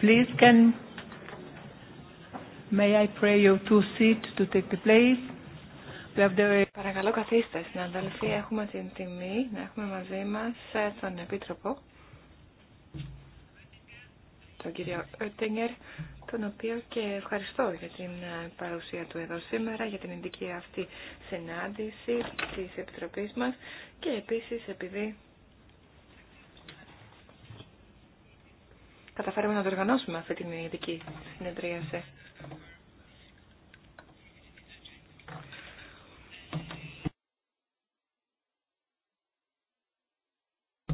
Please can may to to Παρακαλώ καθίστε συναδελφοί, έχουμε την τιμή να έχουμε μαζί μας ε, τον Επίτροπο, τον κύριο Ερτέγκερ, τον οποίο και ευχαριστώ για την ε, παρουσία του εδώ σήμερα, για την ειδική αυτή συνάντηση της Επιτροπής μας και επίσης επειδή καταφέρουμε να διοργανώσουμε αυτή την ειδική σε.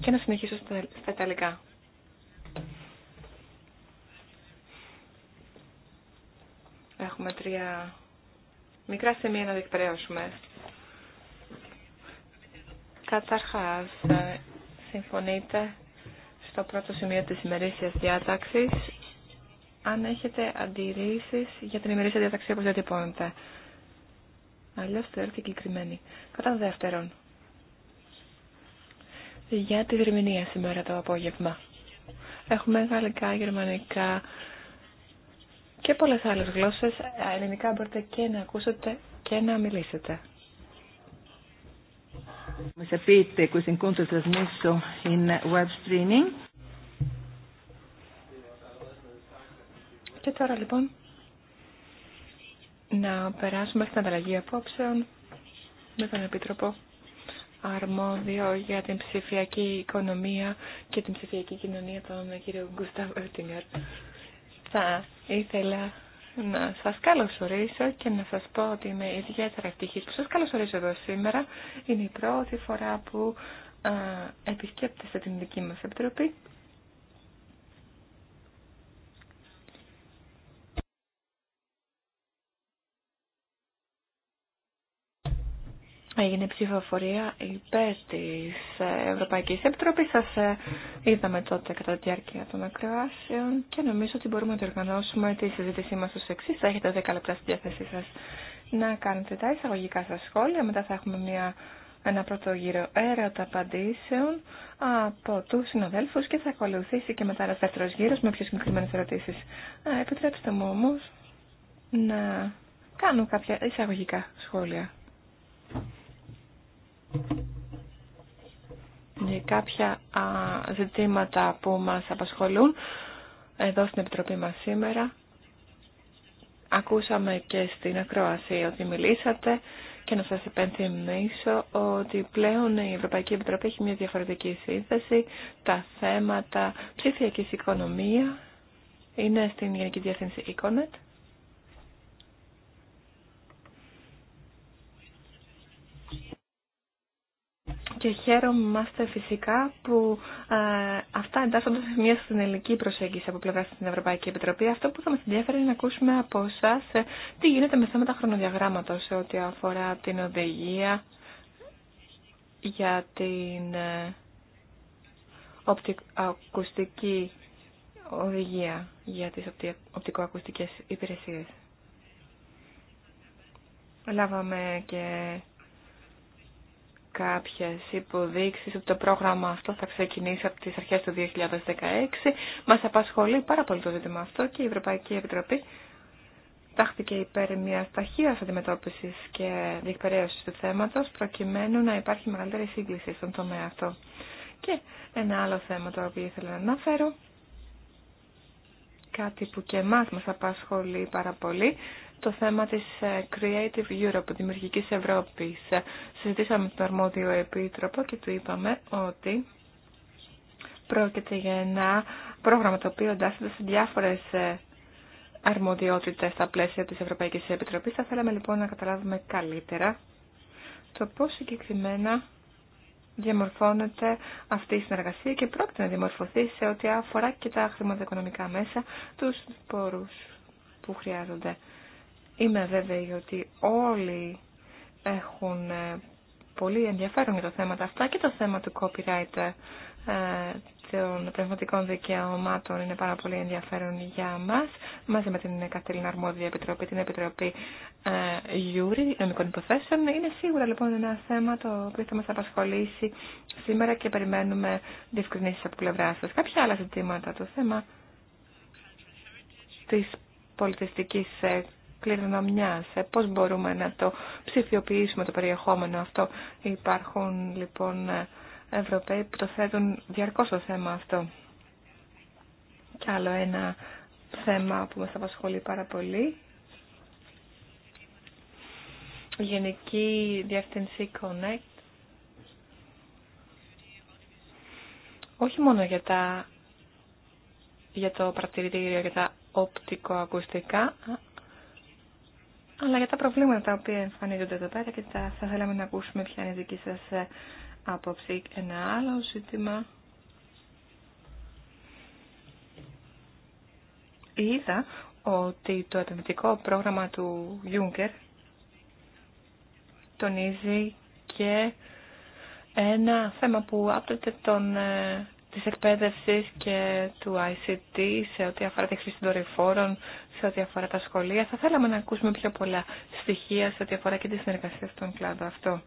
Και να συνεχίσω στα Ιταλικά. Έχουμε τρία μικρά σημεία να διεκπαιρέωσουμε. Καταρχάς, ε, συμφωνείτε στο πρώτο σημείο της ημερήσιας διάταξης αν έχετε αντιρρήσεις για την ημερήσια διάταξη όπως διατυπώνεται. Αλλιώς έρθει εγκεκριμένη. Κατά δεύτερον, για τη διερμηνία σήμερα το απόγευμα. Έχουμε γαλλικά, γερμανικά και πολλές άλλες γλώσσες. Ελληνικά μπορείτε και να ακούσετε και να μιλήσετε. Come sapete, questo incontro è trasmesso in web streaming. Και τώρα λοιπόν να περάσουμε στην ανταλλαγή απόψεων με τον Επίτροπο αρμόδιο για την ψηφιακή οικονομία και την ψηφιακή κοινωνία, τον κύριο Γκουστάβ Ερτιγκερ. Θα ήθελα να σας καλωσορίσω και να σας πω ότι είμαι ιδιαίτερα ευτυχής που σας καλωσορίζω εδώ σήμερα. Είναι η πρώτη φορά που ε, επισκέπτεστε την δική μας επιτροπή Έγινε ψηφοφορία υπέρ τη Ευρωπαϊκή Επιτροπή. Σα ε, είδαμε τότε κατά τη διάρκεια των ακροάσεων και νομίζω ότι μπορούμε να διοργανώσουμε τη συζήτησή μα ω εξή. Θα έχετε 10 λεπτά στη διάθεσή σα να κάνετε τα εισαγωγικά σα σχόλια. Μετά θα έχουμε μια, ένα πρώτο γύρο έρωτα απαντήσεων από του συναδέλφου και θα ακολουθήσει και μετά ένα δεύτερο γύρο με πιο συγκεκριμένε ερωτήσει. Επιτρέψτε μου όμω να κάνω κάποια εισαγωγικά σχόλια για ε, κάποια ζητήματα που μας απασχολούν εδώ στην Επιτροπή μας σήμερα. Ακούσαμε και στην ακρόαση ότι μιλήσατε και να σας υπενθυμίσω ότι πλέον η Ευρωπαϊκή Επιτροπή έχει μια διαφορετική σύνθεση. Τα θέματα ψηφιακής οικονομία είναι στην Γενική Διεύθυνση Econet και χαίρομαστε φυσικά που ε, αυτά εντάσσονται σε μια συνελική προσέγγιση από πλευρά στην Ευρωπαϊκή Επιτροπή. Αυτό που θα μας ενδιαφέρει είναι να ακούσουμε από εσά ε, τι γίνεται με θέματα χρονοδιαγράμματος σε ό,τι αφορά την οδηγία για την ε, οπτικοακουστική οδηγία για τις οπτικοακουστικές υπηρεσίες. Λάβαμε και κάποιες υποδείξεις ότι το πρόγραμμα αυτό θα ξεκινήσει από τις αρχές του 2016. Μας απασχολεί πάρα πολύ το ζήτημα αυτό και η Ευρωπαϊκή Επιτροπή τάχθηκε υπέρ μια ταχεία αντιμετώπιση και διεκπαιρέωση του θέματο, προκειμένου να υπάρχει μεγαλύτερη σύγκληση στον τομέα αυτό. Και ένα άλλο θέμα το οποίο ήθελα να αναφέρω, κάτι που και εμά μα απασχολεί πάρα πολύ, το θέμα της ε, Creative Europe, Δημιουργικής Ευρώπης. Ε, συζητήσαμε με τον αρμόδιο επίτροπο και του είπαμε ότι πρόκειται για ένα πρόγραμμα το οποίο εντάσσεται σε διάφορες ε, αρμοδιότητες στα πλαίσια της Ευρωπαϊκής Επιτροπής. Θα θέλαμε λοιπόν να καταλάβουμε καλύτερα το πώς συγκεκριμένα διαμορφώνεται αυτή η συνεργασία και πρόκειται να διαμορφωθεί σε ό,τι αφορά και τα χρηματοοικονομικά μέσα, τους πόρους που χρειάζονται. Είμαι βέβαιη ότι όλοι έχουν ε, πολύ ενδιαφέρον για τα θέματα αυτά και το θέμα του copyright ε, των πνευματικών δικαιωμάτων είναι πάρα πολύ ενδιαφέρον για μας μαζί με την Καθήλυνα Αρμόδια Επιτροπή, την Επιτροπή ε, Νομικών Υποθέσεων. Είναι σίγουρα λοιπόν ένα θέμα το οποίο θα μας απασχολήσει σήμερα και περιμένουμε διευκρινήσεις από πλευρά σας. Κάποια άλλα ζητήματα, το θέμα της πολιτιστικής ε, Πώ ε, πώς μπορούμε να το ψηφιοποιήσουμε το περιεχόμενο αυτό. Υπάρχουν λοιπόν ε, Ευρωπαίοι που το θέτουν διαρκώ το θέμα αυτό. και άλλο ένα θέμα που μας απασχολεί πάρα πολύ. Γενική Διευθυνσή Connect. Όχι μόνο για, τα, για το πρακτηρητήριο, για τα οπτικοακουστικά, αλλά για τα προβλήματα τα οποία εμφανίζονται εδώ πέρα και τα, θα θέλαμε να ακούσουμε ποια είναι η δική σας ε, άποψη. Ένα άλλο ζήτημα. Είδα ότι το επενδυτικό πρόγραμμα του Juncker τονίζει και ένα θέμα που άπτωται τον... Ε, Τη εκπαίδευση και του ICT σε ό,τι αφορά τη χρήση των δορυφόρων, σε ό,τι αφορά τα σχολεία. Θα θέλαμε να ακούσουμε πιο πολλά στοιχεία σε ό,τι αφορά και τη συνεργασία στον κλάδο αυτό.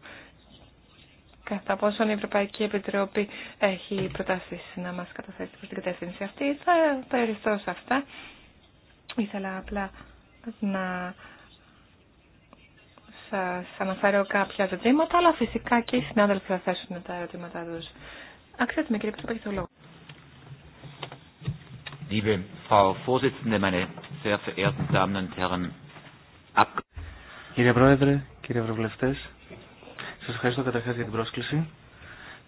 Κατά πόσο η Ευρωπαϊκή Επιτροπή έχει προτάσει να μα καταθέσει προ την κατεύθυνση αυτή, θα περιστώ σε αυτά. Ήθελα απλά να σα αναφέρω κάποια ζητήματα, αλλά φυσικά και οι συνάδελφοι θα θέσουν τα ερωτήματά του. Αξιότιμη κύριε Πέτρο, έχετε το λόγο. Κύριε Πρόεδρε, κύριε Ευρωβουλευτέ, σας ευχαριστώ καταρχάς για την πρόσκληση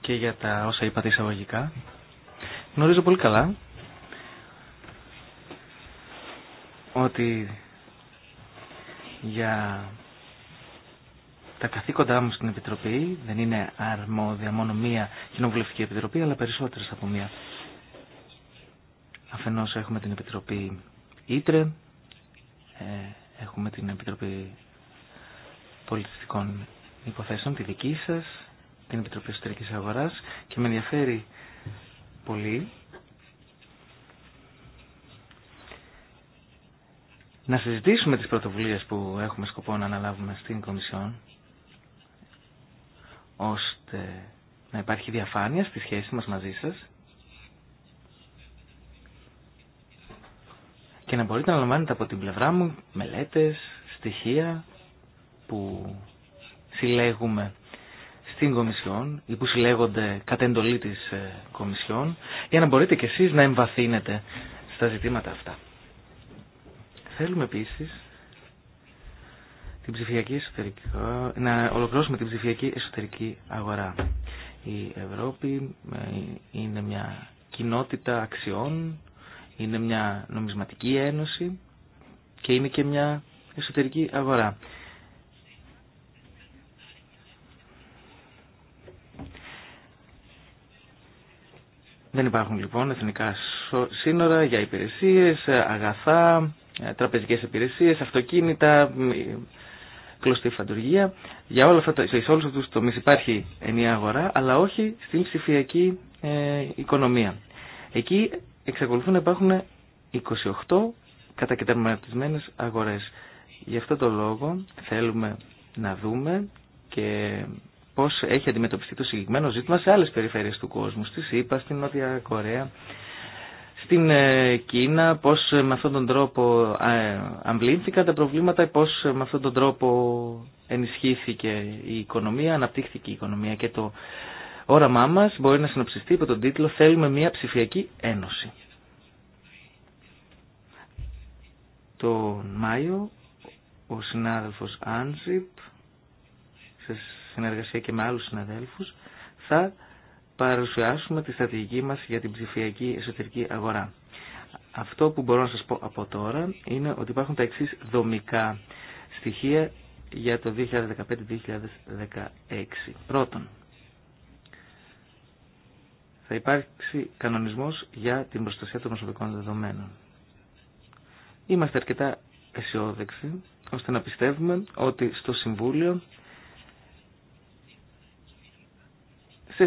και για τα όσα είπατε εισαγωγικά. Γνωρίζω πολύ καλά ότι για τα καθήκοντά μου στην Επιτροπή δεν είναι αρμόδια μόνο μία κοινοβουλευτική επιτροπή, αλλά περισσότερε από μία. Αφενός έχουμε την Επιτροπή Ήτρε, ε, έχουμε την Επιτροπή Πολιτιστικών Υποθέσεων, τη δική σα, την Επιτροπή Εσωτερική αγορά και με ενδιαφέρει πολύ να συζητήσουμε τις πρωτοβουλίες που έχουμε σκοπό να αναλάβουμε στην Κομισιόν ώστε να υπάρχει διαφάνεια στη σχέση μας μαζί σας και να μπορείτε να λαμβάνετε από την πλευρά μου μελέτες, στοιχεία που συλλέγουμε στην Κομισιόν ή που συλλέγονται κατ' εντολή της ε, Κομισιόν για να μπορείτε κι εσείς να εμβαθύνετε στα ζητήματα αυτά. Θέλουμε επίσης την εσωτερική, να ολοκληρώσουμε την ψηφιακή εσωτερική αγορά. Η Ευρώπη ε, είναι μια κοινότητα αξιών, είναι μια νομισματική ένωση και είναι και μια εσωτερική αγορά. Δεν υπάρχουν λοιπόν εθνικά σύνορα για υπηρεσίες, αγαθά, ε, τραπεζικές υπηρεσίες, αυτοκίνητα, κλωστή φαντουργία. Για όλα αυτά, σε όλους αυτούς τους τομείς υπάρχει ενιαία αγορά, αλλά όχι στην ψηφιακή ε, οικονομία. Εκεί εξακολουθούν να υπάρχουν 28 κατακερματισμένες αγορές. Γι' αυτό το λόγο θέλουμε να δούμε και πώς έχει αντιμετωπιστεί το συγκεκριμένο ζήτημα σε άλλες περιφέρειες του κόσμου, στη ΣΥΠΑ, στην Νότια Κορέα στην ε, Κίνα, πώς ε, με αυτόν τον τρόπο ε, αμβλήθηκαν τα προβλήματα, πώς με αυτόν τον τρόπο ενισχύθηκε η οικονομία, αναπτύχθηκε η οικονομία και το όραμά μας μπορεί να συνοψιστεί υπό τον τίτλο «Θέλουμε μια ψηφιακή ένωση». Τον Μάιο ο συνάδελφος Άνζιπ, σε συνεργασία και με άλλους συναδέλφους, θα παρουσιάσουμε τη στρατηγική μας για την ψηφιακή εσωτερική αγορά. Αυτό που μπορώ να σας πω από τώρα είναι ότι υπάρχουν τα εξής δομικά στοιχεία για το 2015-2016. Πρώτον, θα υπάρξει κανονισμός για την προστασία των προσωπικών δεδομένων. Είμαστε αρκετά αισιόδεξοι ώστε να πιστεύουμε ότι στο Συμβούλιο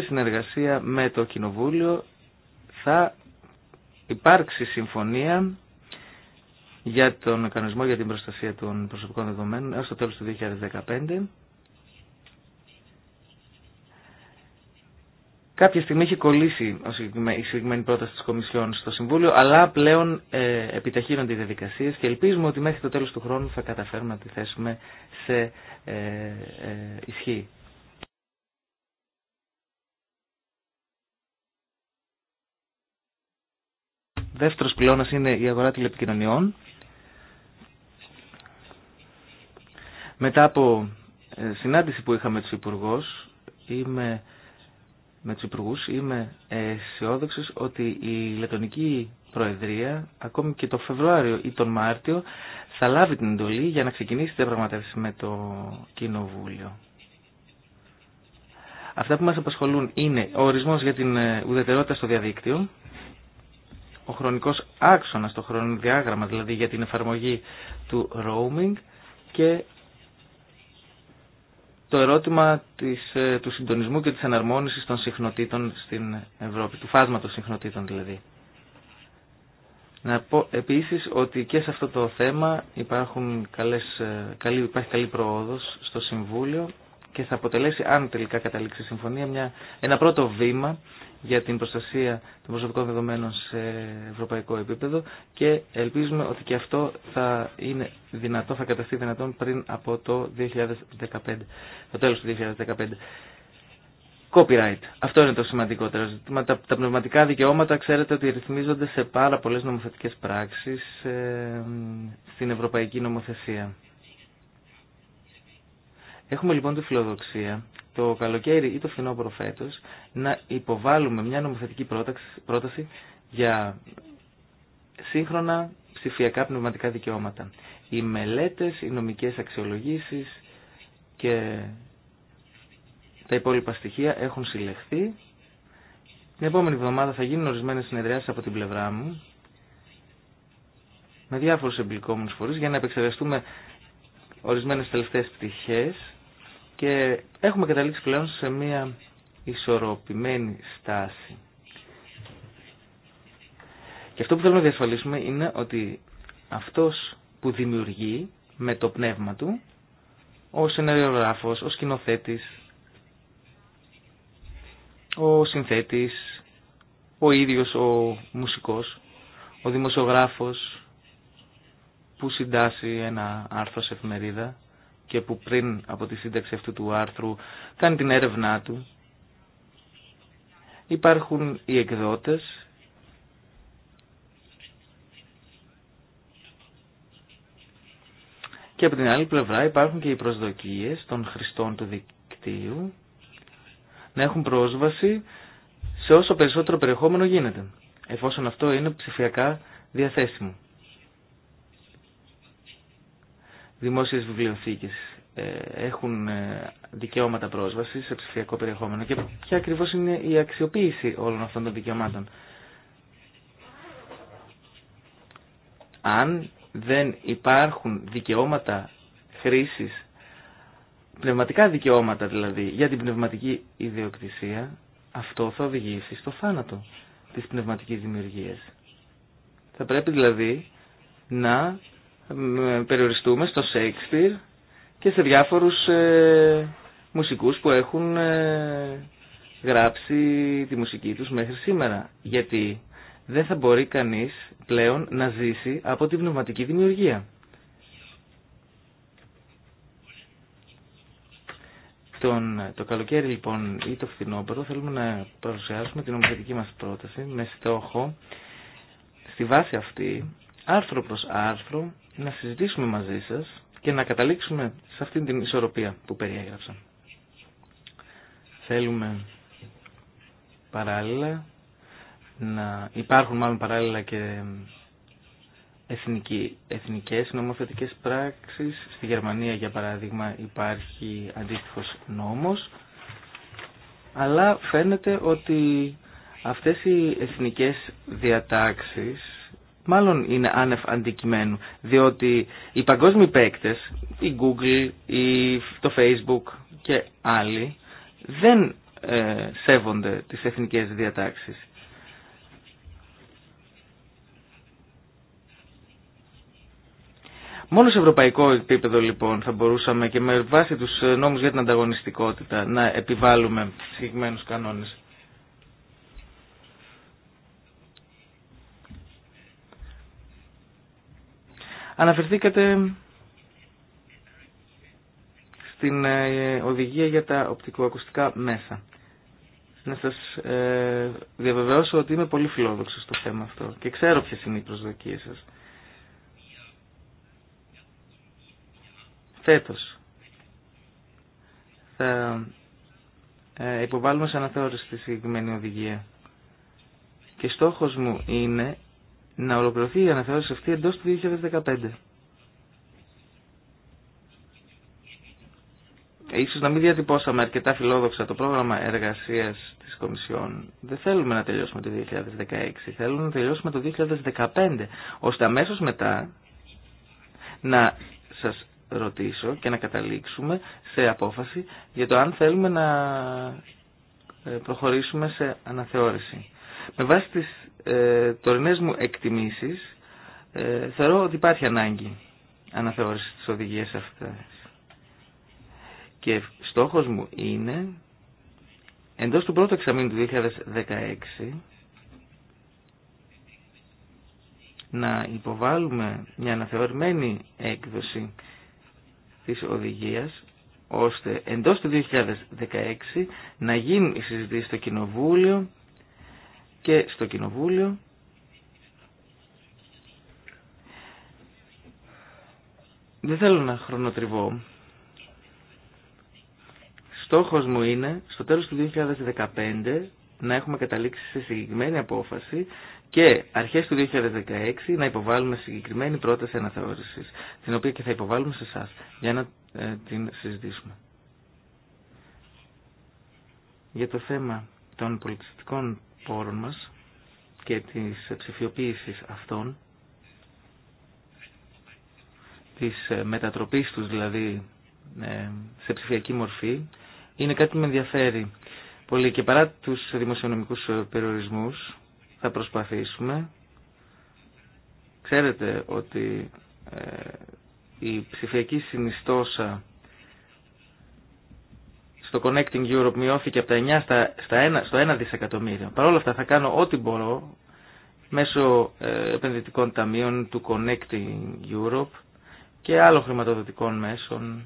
σε συνεργασία με το Κοινοβούλιο θα υπάρξει συμφωνία για τον κανονισμό για την προστασία των προσωπικών δεδομένων έως το τέλος του 2015. Κάποια στιγμή έχει κολλήσει η συγκεκριμένη πρόταση της Κομισιόν στο Συμβούλιο, αλλά πλέον ε, επιταχύνονται οι διαδικασίες και ελπίζουμε ότι μέχρι το τέλος του χρόνου θα καταφέρουμε να τη θέσουμε σε ε, ε, ισχύ Δεύτερος πυλώνας είναι η αγορά τηλεπικοινωνιών. Μετά από ε, συνάντηση που είχαμε τους είμαι, με τους υπουργούς, είμαι αισιόδοξο ότι η Λετωνική Προεδρία, ακόμη και το Φεβρουάριο ή τον Μάρτιο, θα λάβει την εντολή για να ξεκινήσει την πραγματεύση με το Κοινοβούλιο. Αυτά που μας απασχολούν είναι ο ορισμός για την ε, ουδετερότητα στο διαδίκτυο, ο χρονικός άξονας, το χρονοδιάγραμμα δηλαδή για την εφαρμογή του roaming και το ερώτημα της, ε, του συντονισμού και της εναρμόνισης των συχνοτήτων στην Ευρώπη, του φάσματος συχνοτήτων δηλαδή. Να πω επίσης ότι και σε αυτό το θέμα υπάρχουν καλές, ε, καλή, υπάρχει καλή προόδος στο Συμβούλιο και θα αποτελέσει, αν τελικά καταλήξει η συμφωνία, ένα πρώτο βήμα για την προστασία των προσωπικών δεδομένων σε ευρωπαϊκό επίπεδο και ελπίζουμε ότι και αυτό θα είναι δυνατό, θα καταστεί δυνατόν πριν από το 2015, το τέλος του 2015. Copyright. Αυτό είναι το σημαντικότερο ζήτημα. Τα, πνευματικά δικαιώματα ξέρετε ότι ρυθμίζονται σε πάρα πολλές νομοθετικές πράξεις στην ευρωπαϊκή νομοθεσία. Έχουμε λοιπόν τη φιλοδοξία το καλοκαίρι ή το φθινόπωρο φέτος να υποβάλουμε μια νομοθετική πρόταση για σύγχρονα ψηφιακά πνευματικά δικαιώματα. Οι μελέτες, οι νομικές αξιολογήσεις και τα υπόλοιπα στοιχεία έχουν συλλεχθεί. Την επόμενη εβδομάδα θα γίνουν ορισμένες συνεδριάσεις από την πλευρά μου με διάφορους εμπλικόμενους φορείς για να επεξεργαστούμε ορισμένες τελευταίες πτυχές και έχουμε καταλήξει πλέον σε μια ισορροπημένη στάση. Και αυτό που θέλουμε να διασφαλίσουμε είναι ότι αυτός που δημιουργεί με το πνεύμα του, ο σενεριογράφος, ο σκηνοθέτης, ο συνθέτης, ο ίδιος ο μουσικός, ο δημοσιογράφος που συντάσσει ένα άρθρο σε εφημερίδα, και που πριν από τη σύνταξη αυτού του άρθρου κάνει την έρευνά του. Υπάρχουν οι εκδότες και από την άλλη πλευρά υπάρχουν και οι προσδοκίες των χρηστών του δικτύου να έχουν πρόσβαση σε όσο περισσότερο περιεχόμενο γίνεται, εφόσον αυτό είναι ψηφιακά διαθέσιμο. δημόσιες βιβλιοθήκες ε, έχουν ε, δικαιώματα πρόσβασης σε ψηφιακό περιεχόμενο και ποια ακριβώς είναι η αξιοποίηση όλων αυτών των δικαιωμάτων. Αν δεν υπάρχουν δικαιώματα χρήσης, πνευματικά δικαιώματα δηλαδή, για την πνευματική ιδιοκτησία, αυτό θα οδηγήσει στο θάνατο της πνευματικής δημιουργίας. Θα πρέπει δηλαδή να περιοριστούμε στο Σέιξπιρ και σε διάφορους ε, μουσικούς που έχουν ε, γράψει τη μουσική τους μέχρι σήμερα. Γιατί δεν θα μπορεί κανείς πλέον να ζήσει από την πνευματική δημιουργία. Τον, το καλοκαίρι λοιπόν ή το φθινόπωρο θέλουμε να παρουσιάσουμε την ομοθετική μας πρόταση με στόχο στη βάση αυτή άρθρο προς άρθρο να συζητήσουμε μαζί σας και να καταλήξουμε σε αυτήν την ισορροπία που περιέγραψα. Θέλουμε παράλληλα να υπάρχουν μάλλον παράλληλα και εθνική, εθνικές νομοθετικές πράξεις. Στη Γερμανία για παράδειγμα υπάρχει αντίστοιχος νόμος αλλά φαίνεται ότι αυτές οι εθνικές διατάξεις μάλλον είναι άνευ αντικειμένου, διότι οι παγκόσμιοι παίκτες, η Google, η, το Facebook και άλλοι, δεν ε, σέβονται τις εθνικές διατάξεις. Μόνο σε ευρωπαϊκό επίπεδο λοιπόν θα μπορούσαμε και με βάση τους νόμους για την ανταγωνιστικότητα να επιβάλλουμε συγκεκριμένους κανόνες. Αναφερθήκατε στην ε, οδηγία για τα οπτικοακουστικά μέσα. Να σας ε, διαβεβαιώσω ότι είμαι πολύ φιλόδοξος στο θέμα αυτό και ξέρω ποιες είναι οι προσδοκίες σας. Φέτος θα ε, υποβάλουμε σε αναθεώρηση τη συγκεκριμένη οδηγία. Και στόχος μου είναι να ολοκληρωθεί η αναθεώρηση αυτή εντός του 2015. Ε, ίσως να μην διατυπώσαμε αρκετά φιλόδοξα το πρόγραμμα εργασίας της Κομισιόν. Δεν θέλουμε να τελειώσουμε το 2016, θέλουμε να τελειώσουμε το 2015, ώστε αμέσως μετά να σας ρωτήσω και να καταλήξουμε σε απόφαση για το αν θέλουμε να ε, προχωρήσουμε σε αναθεώρηση. Με βάση τις ε, τωρινές μου εκτιμήσεις ε, θεωρώ ότι υπάρχει ανάγκη αναθεώρηση της οδηγίας αυτές. Και στόχος μου είναι εντός του πρώτου εξαμήνου του 2016 να υποβάλουμε μια αναθεωρημένη έκδοση της οδηγίας ώστε εντός του 2016 να γίνουν οι συζητήσεις στο Κοινοβούλιο και στο Κοινοβούλιο. Δεν θέλω να χρονοτριβώ. Στόχος μου είναι στο τέλος του 2015 να έχουμε καταλήξει σε συγκεκριμένη απόφαση και αρχές του 2016 να υποβάλουμε συγκεκριμένη πρόταση αναθεώρησης, την οποία και θα υποβάλουμε σε εσά για να ε, την συζητήσουμε. Για το θέμα των πολιτιστικών πόρων μας και της ψηφιοποίησης αυτών, της ε, μετατροπής τους δηλαδή ε, σε ψηφιακή μορφή, είναι κάτι που με ενδιαφέρει πολύ και παρά τους δημοσιονομικούς ε, περιορισμούς θα προσπαθήσουμε. Ξέρετε ότι η ψηφιακή συνιστόσα το Connecting Europe μειώθηκε από τα 9 στα, 1, στο 1 δισεκατομμύριο. Παρ' όλα αυτά θα κάνω ό,τι μπορώ μέσω ε, επενδυτικών ταμείων του Connecting Europe και άλλων χρηματοδοτικών μέσων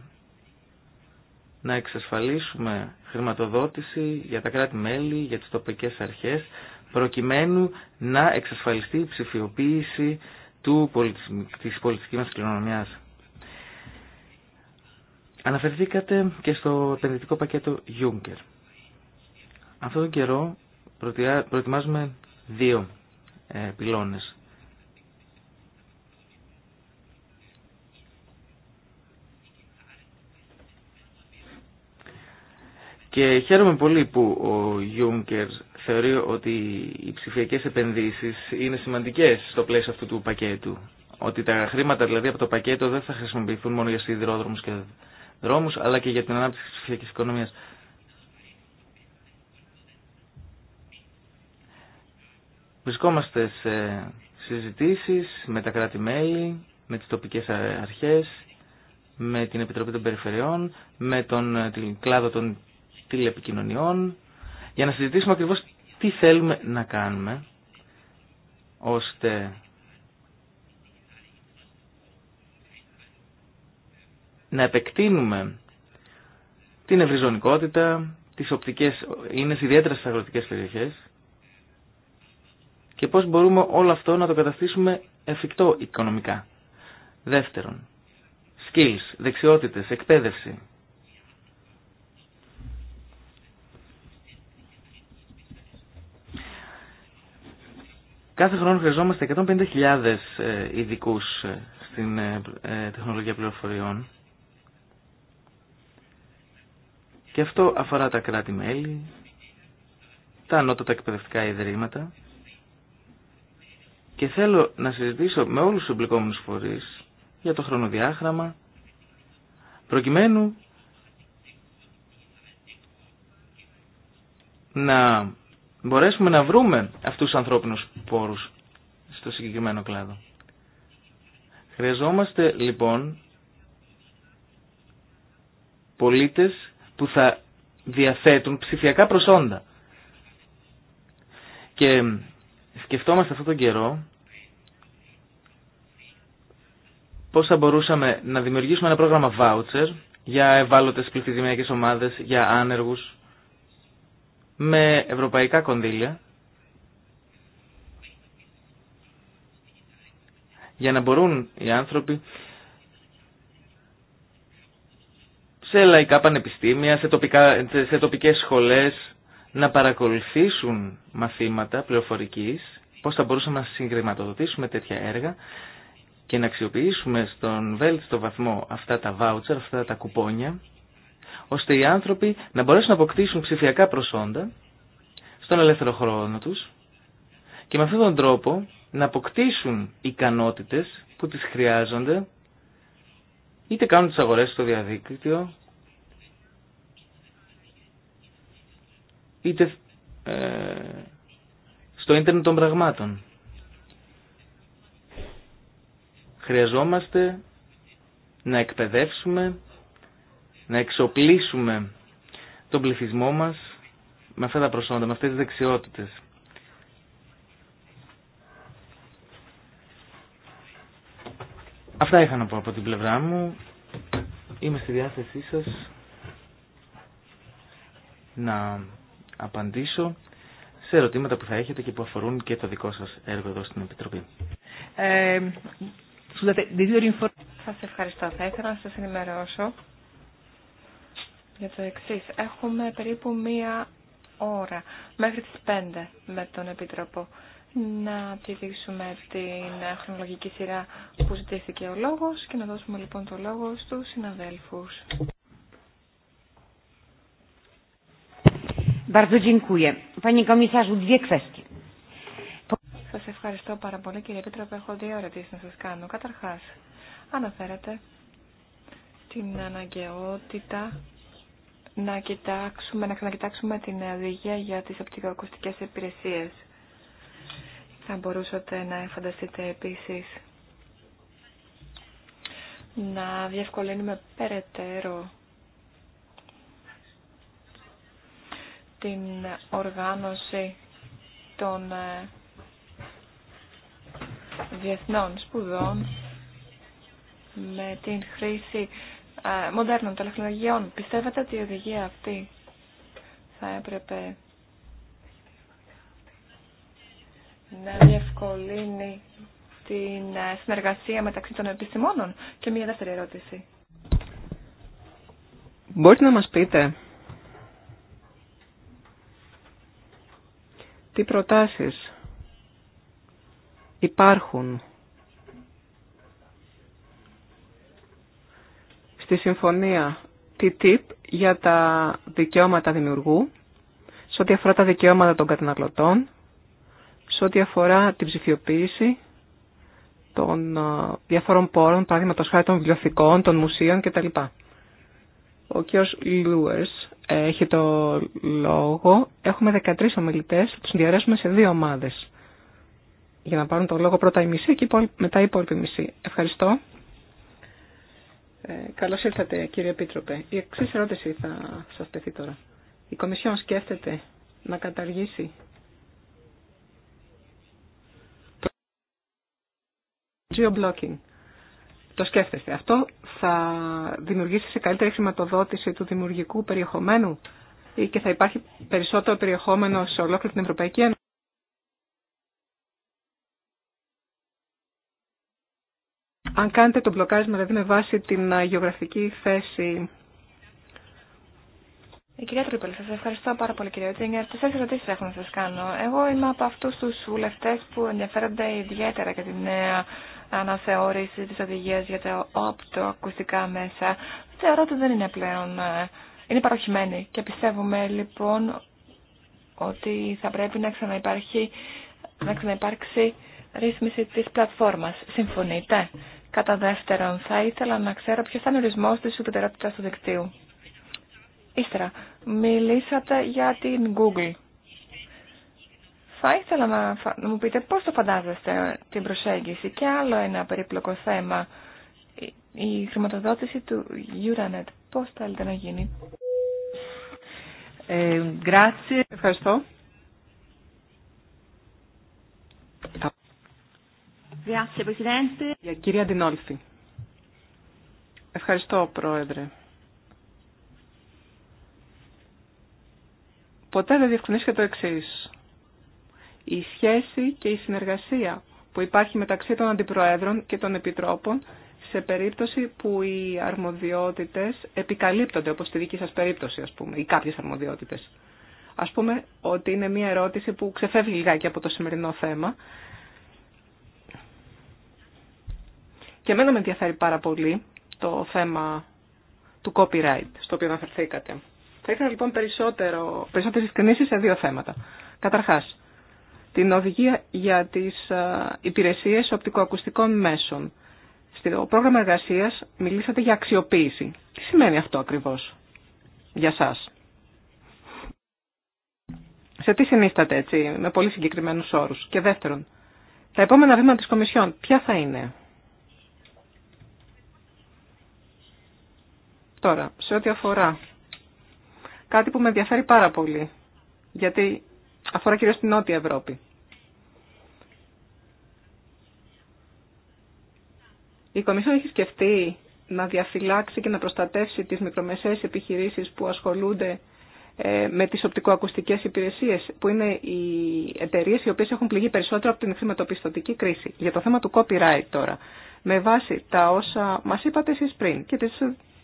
να εξασφαλίσουμε χρηματοδότηση για τα κράτη-μέλη, για τις τοπικές αρχές, προκειμένου να εξασφαλιστεί η ψηφιοποίηση του της πολιτικής μας κληρονομιάς. Αναφερθήκατε και στο επενδυτικό πακέτο Juncker. Αυτόν τον καιρό προετοιμάζουμε δύο ε, πυλώνες. Και χαίρομαι πολύ που ο Juncker θεωρεί ότι οι ψηφιακές επενδύσεις είναι σημαντικές στο πλαίσιο αυτού του πακέτου. Ότι τα χρήματα δηλαδή από το πακέτο δεν θα χρησιμοποιηθούν μόνο για σιδηρόδρομους και δρόμους, αλλά και για την ανάπτυξη της ψηφιακής οικονομίας. Βρισκόμαστε σε συζητήσεις με τα κράτη-μέλη, με τις τοπικές αρχές, με την Επιτροπή των Περιφερειών, με τον κλάδο των τηλεπικοινωνιών, για να συζητήσουμε ακριβώς τι θέλουμε να κάνουμε, ώστε να επεκτείνουμε την ευρυζωνικότητα, τις οπτικές είναι ιδιαίτερα στις αγροτικές περιοχές και πώς μπορούμε όλο αυτό να το καταστήσουμε εφικτό οικονομικά. Δεύτερον, skills, δεξιότητες, εκπαίδευση. Κάθε χρόνο χρειαζόμαστε 150.000 ε, ειδικού ε, στην ε, τεχνολογία πληροφοριών Και αυτό αφορά τα κράτη-μέλη, τα ανώτατα εκπαιδευτικά ιδρύματα και θέλω να συζητήσω με όλους τους εμπλεκόμενους φορείς για το χρονοδιάγραμμα προκειμένου να μπορέσουμε να βρούμε αυτούς τους ανθρώπινους πόρους στο συγκεκριμένο κλάδο. Χρειαζόμαστε λοιπόν πολίτες που θα διαθέτουν ψηφιακά προσόντα. Και σκεφτόμαστε αυτόν τον καιρό πώς θα μπορούσαμε να δημιουργήσουμε ένα πρόγραμμα voucher για ευάλωτες πληθυσμιακές ομάδες, για άνεργους, με ευρωπαϊκά κονδύλια, για να μπορούν οι άνθρωποι σε λαϊκά πανεπιστήμια, σε, τοπικά, σε τοπικές σχολές, να παρακολουθήσουν μαθήματα πληροφορικής, πώς θα μπορούσαμε να συγκριματοδοτήσουμε τέτοια έργα και να αξιοποιήσουμε στον βέλτιστο βαθμό αυτά τα βάουτσερ, αυτά τα κουπόνια, ώστε οι άνθρωποι να μπορέσουν να αποκτήσουν ψηφιακά προσόντα στον ελεύθερο χρόνο τους και με αυτόν τον τρόπο να αποκτήσουν ικανότητες που τις χρειάζονται είτε κάνουν τις αγορές στο διαδίκτυο, είτε ε, στο ίντερνετ των πραγμάτων. Χρειαζόμαστε να εκπαιδεύσουμε, να εξοπλίσουμε τον πληθυσμό μας με αυτά τα προσόντα, με αυτές τις δεξιότητες. Αυτά είχα να πω από την πλευρά μου. Είμαι στη διάθεσή σας να απαντήσω σε ερωτήματα που θα έχετε και που αφορούν και το δικό σας έργο εδώ στην Επιτροπή. Ε, σας ευχαριστώ. Θα ήθελα να σας ενημερώσω για το εξή. Έχουμε περίπου μία ώρα μέχρι τις 5 με τον Επίτροπο να τηρήσουμε την χρονολογική σειρά που ζητήθηκε ο λόγος και να δώσουμε λοιπόν το λόγο στους συναδέλφους. Bardzo dziękuję. komisarzu, dwie kwestie. Σας ευχαριστώ πάρα πολύ κύριε Επίτροπε. Έχω δύο ερωτήσεις να σας κάνω. Καταρχάς, αναφέρατε την αναγκαιότητα να κοιτάξουμε, να ξανακοιτάξουμε την οδηγία για τις οπτικοακουστικές υπηρεσίες. Θα μπορούσατε να φανταστείτε επίσης να διευκολύνουμε περαιτέρω την οργάνωση των ε, διεθνών σπουδών με την χρήση ε, μοντέρνων τεχνολογιών. Πιστεύετε ότι η οδηγία αυτή θα έπρεπε να διευκολύνει την ε, συνεργασία μεταξύ των επιστημόνων. Και μία δεύτερη ερώτηση. Μπορείτε να μας πείτε τι προτάσεις υπάρχουν στη συμφωνία TTIP για τα δικαιώματα δημιουργού, σε ό,τι αφορά τα δικαιώματα των καταναλωτών σε ό,τι αφορά την ψηφιοποίηση των ε, διαφορών πόρων, παραδείγματο χάρη των βιβλιοθηκών, των μουσείων κτλ. Ο κ. Λούερς έχει το λόγο. Έχουμε 13 ομιλητές, θα τους διαρρέσουμε σε δύο ομάδες. Για να πάρουν το λόγο πρώτα η μισή και μετά η υπόλοιπη μισή. Ευχαριστώ. Ε, καλώς ήρθατε κύριε Επίτροπε. Η εξή ερώτηση θα σα τεθεί τώρα. Η Κομισιόν σκέφτεται να καταργήσει geoblocking. Το σκέφτεστε. Αυτό θα δημιουργήσει σε καλύτερη χρηματοδότηση του δημιουργικού περιεχομένου ή και θα υπάρχει περισσότερο περιεχόμενο σε ολόκληρη την Ευρωπαϊκή Ένωση. Αν κάνετε το μπλοκάρισμα, δηλαδή με βάση την γεωγραφική θέση η ε, κυρία Τρίπολη, σα ευχαριστώ πάρα πολύ, κυρία Τζίνγκερ. Τέσσερι ερωτήσει έχω να σα κάνω. Εγώ είμαι από αυτού του βουλευτέ που ενδιαφέρονται ιδιαίτερα για την. νέα αναθεώρηση της οδηγίας για τα οπτοακουστικά μέσα. Θεωρώ ότι δεν είναι πλέον, ε, είναι παροχημένη και πιστεύουμε λοιπόν ότι θα πρέπει να ξαναυπάρχει, να ξαναυπάρξει ρύθμιση της πλατφόρμας. Συμφωνείτε. Κατά δεύτερον, θα ήθελα να ξέρω ποιος θα είναι ο ορισμός της ουδετερότητας του δικτύου. Ύστερα, μιλήσατε για την Google. Θα ήθελα να, μου πείτε πώς το φαντάζεστε την προσέγγιση και άλλο ένα περίπλοκο θέμα. Η χρηματοδότηση του Euronet. Πώς θέλετε να γίνει. Ε, Ευχαριστώ. Για κυρία Ντινόλφη. Ευχαριστώ, Πρόεδρε. Ποτέ δεν διευκρινίστηκε το εξή η σχέση και η συνεργασία που υπάρχει μεταξύ των αντιπροέδρων και των επιτρόπων σε περίπτωση που οι αρμοδιότητες επικαλύπτονται, όπως στη δική σας περίπτωση, ας πούμε, ή κάποιες αρμοδιότητες. Ας πούμε ότι είναι μια ερώτηση που ξεφεύγει λιγάκι από το σημερινό θέμα. Και εμένα με ενδιαφέρει πάρα πολύ το θέμα του copyright, στο οποίο αναφερθήκατε. Θα ήθελα λοιπόν περισσότερο, περισσότερες ευκρινήσεις σε δύο θέματα. Καταρχάς, την οδηγία για τις ε, υπηρεσίες οπτικοακουστικών μέσων. Στο πρόγραμμα εργασίας μιλήσατε για αξιοποίηση. Τι σημαίνει αυτό ακριβώς για σας. Σε τι συνίσταται έτσι, με πολύ συγκεκριμένους όρους. Και δεύτερον, τα επόμενα βήματα της Κομισιόν, ποια θα είναι. Τώρα, σε ό,τι αφορά κάτι που με ενδιαφέρει πάρα πολύ, γιατί αφορά κυρίως την Νότια Ευρώπη. Η Κομισιόν έχει σκεφτεί να διαφυλάξει και να προστατεύσει τις μικρομεσαίες επιχειρήσεις που ασχολούνται ε, με τις οπτικοακουστικές υπηρεσίες, που είναι οι εταιρείες οι οποίες έχουν πληγεί περισσότερο από την χρηματοπιστωτική κρίση. Για το θέμα του copyright τώρα, με βάση τα όσα μας είπατε εσείς πριν και τις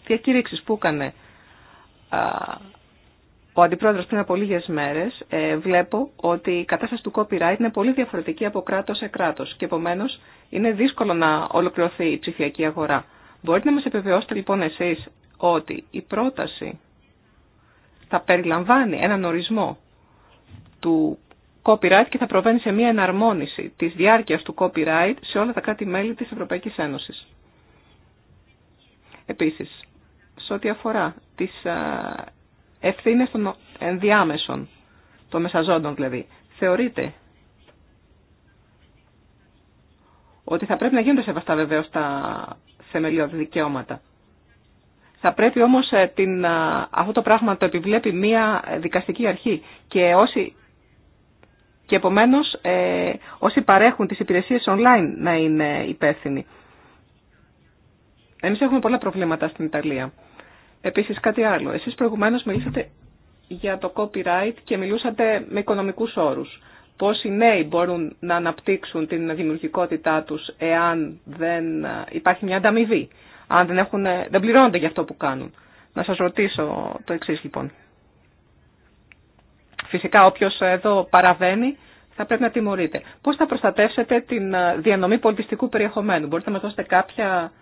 διακήρυξεις που έκανε ο αντιπρόεδρο πριν από λίγε μέρε, ε, βλέπω ότι η κατάσταση του copyright είναι πολύ διαφορετική από κράτο σε κράτο. και επομένω, είναι δύσκολο να ολοκληρωθεί η ψηφιακή αγορά. Μπορείτε να μα επιβεβαιώσετε λοιπόν εσεί ότι η πρόταση θα περιλαμβάνει έναν ορισμό του copyright και θα προβαίνει σε μια εναρμόνιση τη διάρκεια του copyright σε όλα τα κράτη-μέλη τη Ευρωπαϊκή Ένωση. Επίσης, σε ό,τι αφορά τις ε, ευθύνες των ενδιάμεσων, των μεσαζόντων δηλαδή. Θεωρείτε ότι θα πρέπει να γίνονται σεβαστά βεβαίω τα θεμελιώδη δικαιώματα. Θα πρέπει όμως ε, την, αυτό το πράγμα το επιβλέπει μία δικαστική αρχή και όσοι και επομένως ε, όσοι παρέχουν τις υπηρεσίες online να είναι υπεύθυνοι. Εμείς έχουμε πολλά προβλήματα στην Ιταλία. Επίση, κάτι άλλο. Εσεί προηγουμένω μιλήσατε για το copyright και μιλούσατε με οικονομικού όρους. Πώς οι νέοι μπορούν να αναπτύξουν την δημιουργικότητά τους εάν δεν ε, υπάρχει μια ανταμοιβή, αν δεν, έχουν, ε, δεν πληρώνονται για αυτό που κάνουν. Να σας ρωτήσω το εξή λοιπόν. Φυσικά όποιο εδώ παραβαίνει θα πρέπει να τιμωρείται. Πώ θα προστατεύσετε την ε, διανομή πολιτιστικού περιεχομένου. Μπορείτε να μα δώσετε κάποια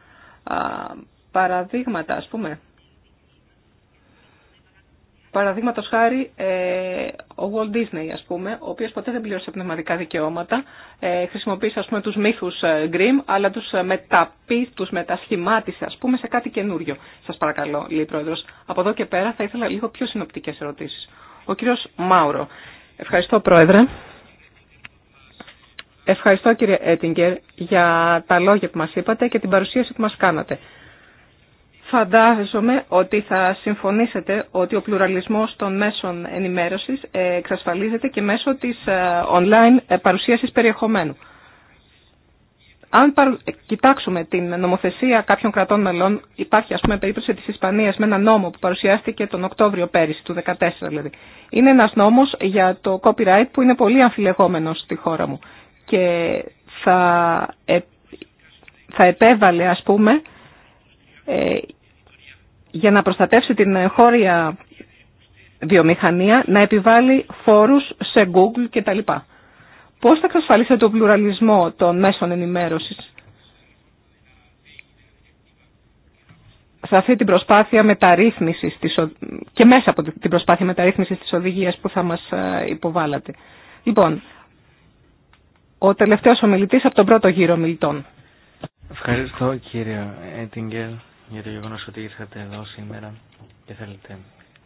α, παραδείγματα α πούμε. Παραδείγματο χάρη ε, ο Walt Disney, ας πούμε, ο οποίο ποτέ δεν πλήρωσε πνευματικά δικαιώματα, ε, χρησιμοποίησε ας πούμε, τους μύθους ε, Grimm, αλλά τους, μεταπεί, τους μετασχημάτισε ας πούμε, σε κάτι καινούριο. Σας παρακαλώ, λέει Πρόεδρος. Από εδώ και πέρα θα ήθελα λίγο πιο συνοπτικές ερωτήσεις. Ο κύριος Μάουρο. Ευχαριστώ, Πρόεδρε. Ευχαριστώ κύριε Έτιγκερ για τα λόγια που μας είπατε και την παρουσίαση που μας κάνατε. Φαντάζομαι ότι θα συμφωνήσετε ότι ο πλουραλισμός των μέσων ενημέρωσης εξασφαλίζεται και μέσω της ε, online παρουσίασης περιεχομένου. Αν κοιτάξουμε την νομοθεσία κάποιων κρατών μελών, υπάρχει ας πούμε περίπτωση της Ισπανίας με ένα νόμο που παρουσιάστηκε τον Οκτώβριο πέρυσι, του 2014 δηλαδή. Είναι ένας νόμος για το copyright που είναι πολύ αμφιλεγόμενος στη χώρα μου και θα, ε, θα επέβαλε ας πούμε ε, για να προστατεύσει την χώρια βιομηχανία να επιβάλλει φόρους σε Google κτλ. Πώς θα εξασφαλίσετε τον πλουραλισμό των μέσων ενημέρωσης σε αυτή την προσπάθεια μεταρρύθμισης της, και μέσα από την προσπάθεια μεταρρύθμισης της οδηγίας που θα μας ε, υποβάλλατε. Λοιπόν, ο τελευταίος ομιλητής από τον πρώτο γύρο ομιλητών. Ευχαριστώ κύριε Έτιγκελ για το γεγονό ότι ήρθατε εδώ σήμερα και θέλετε,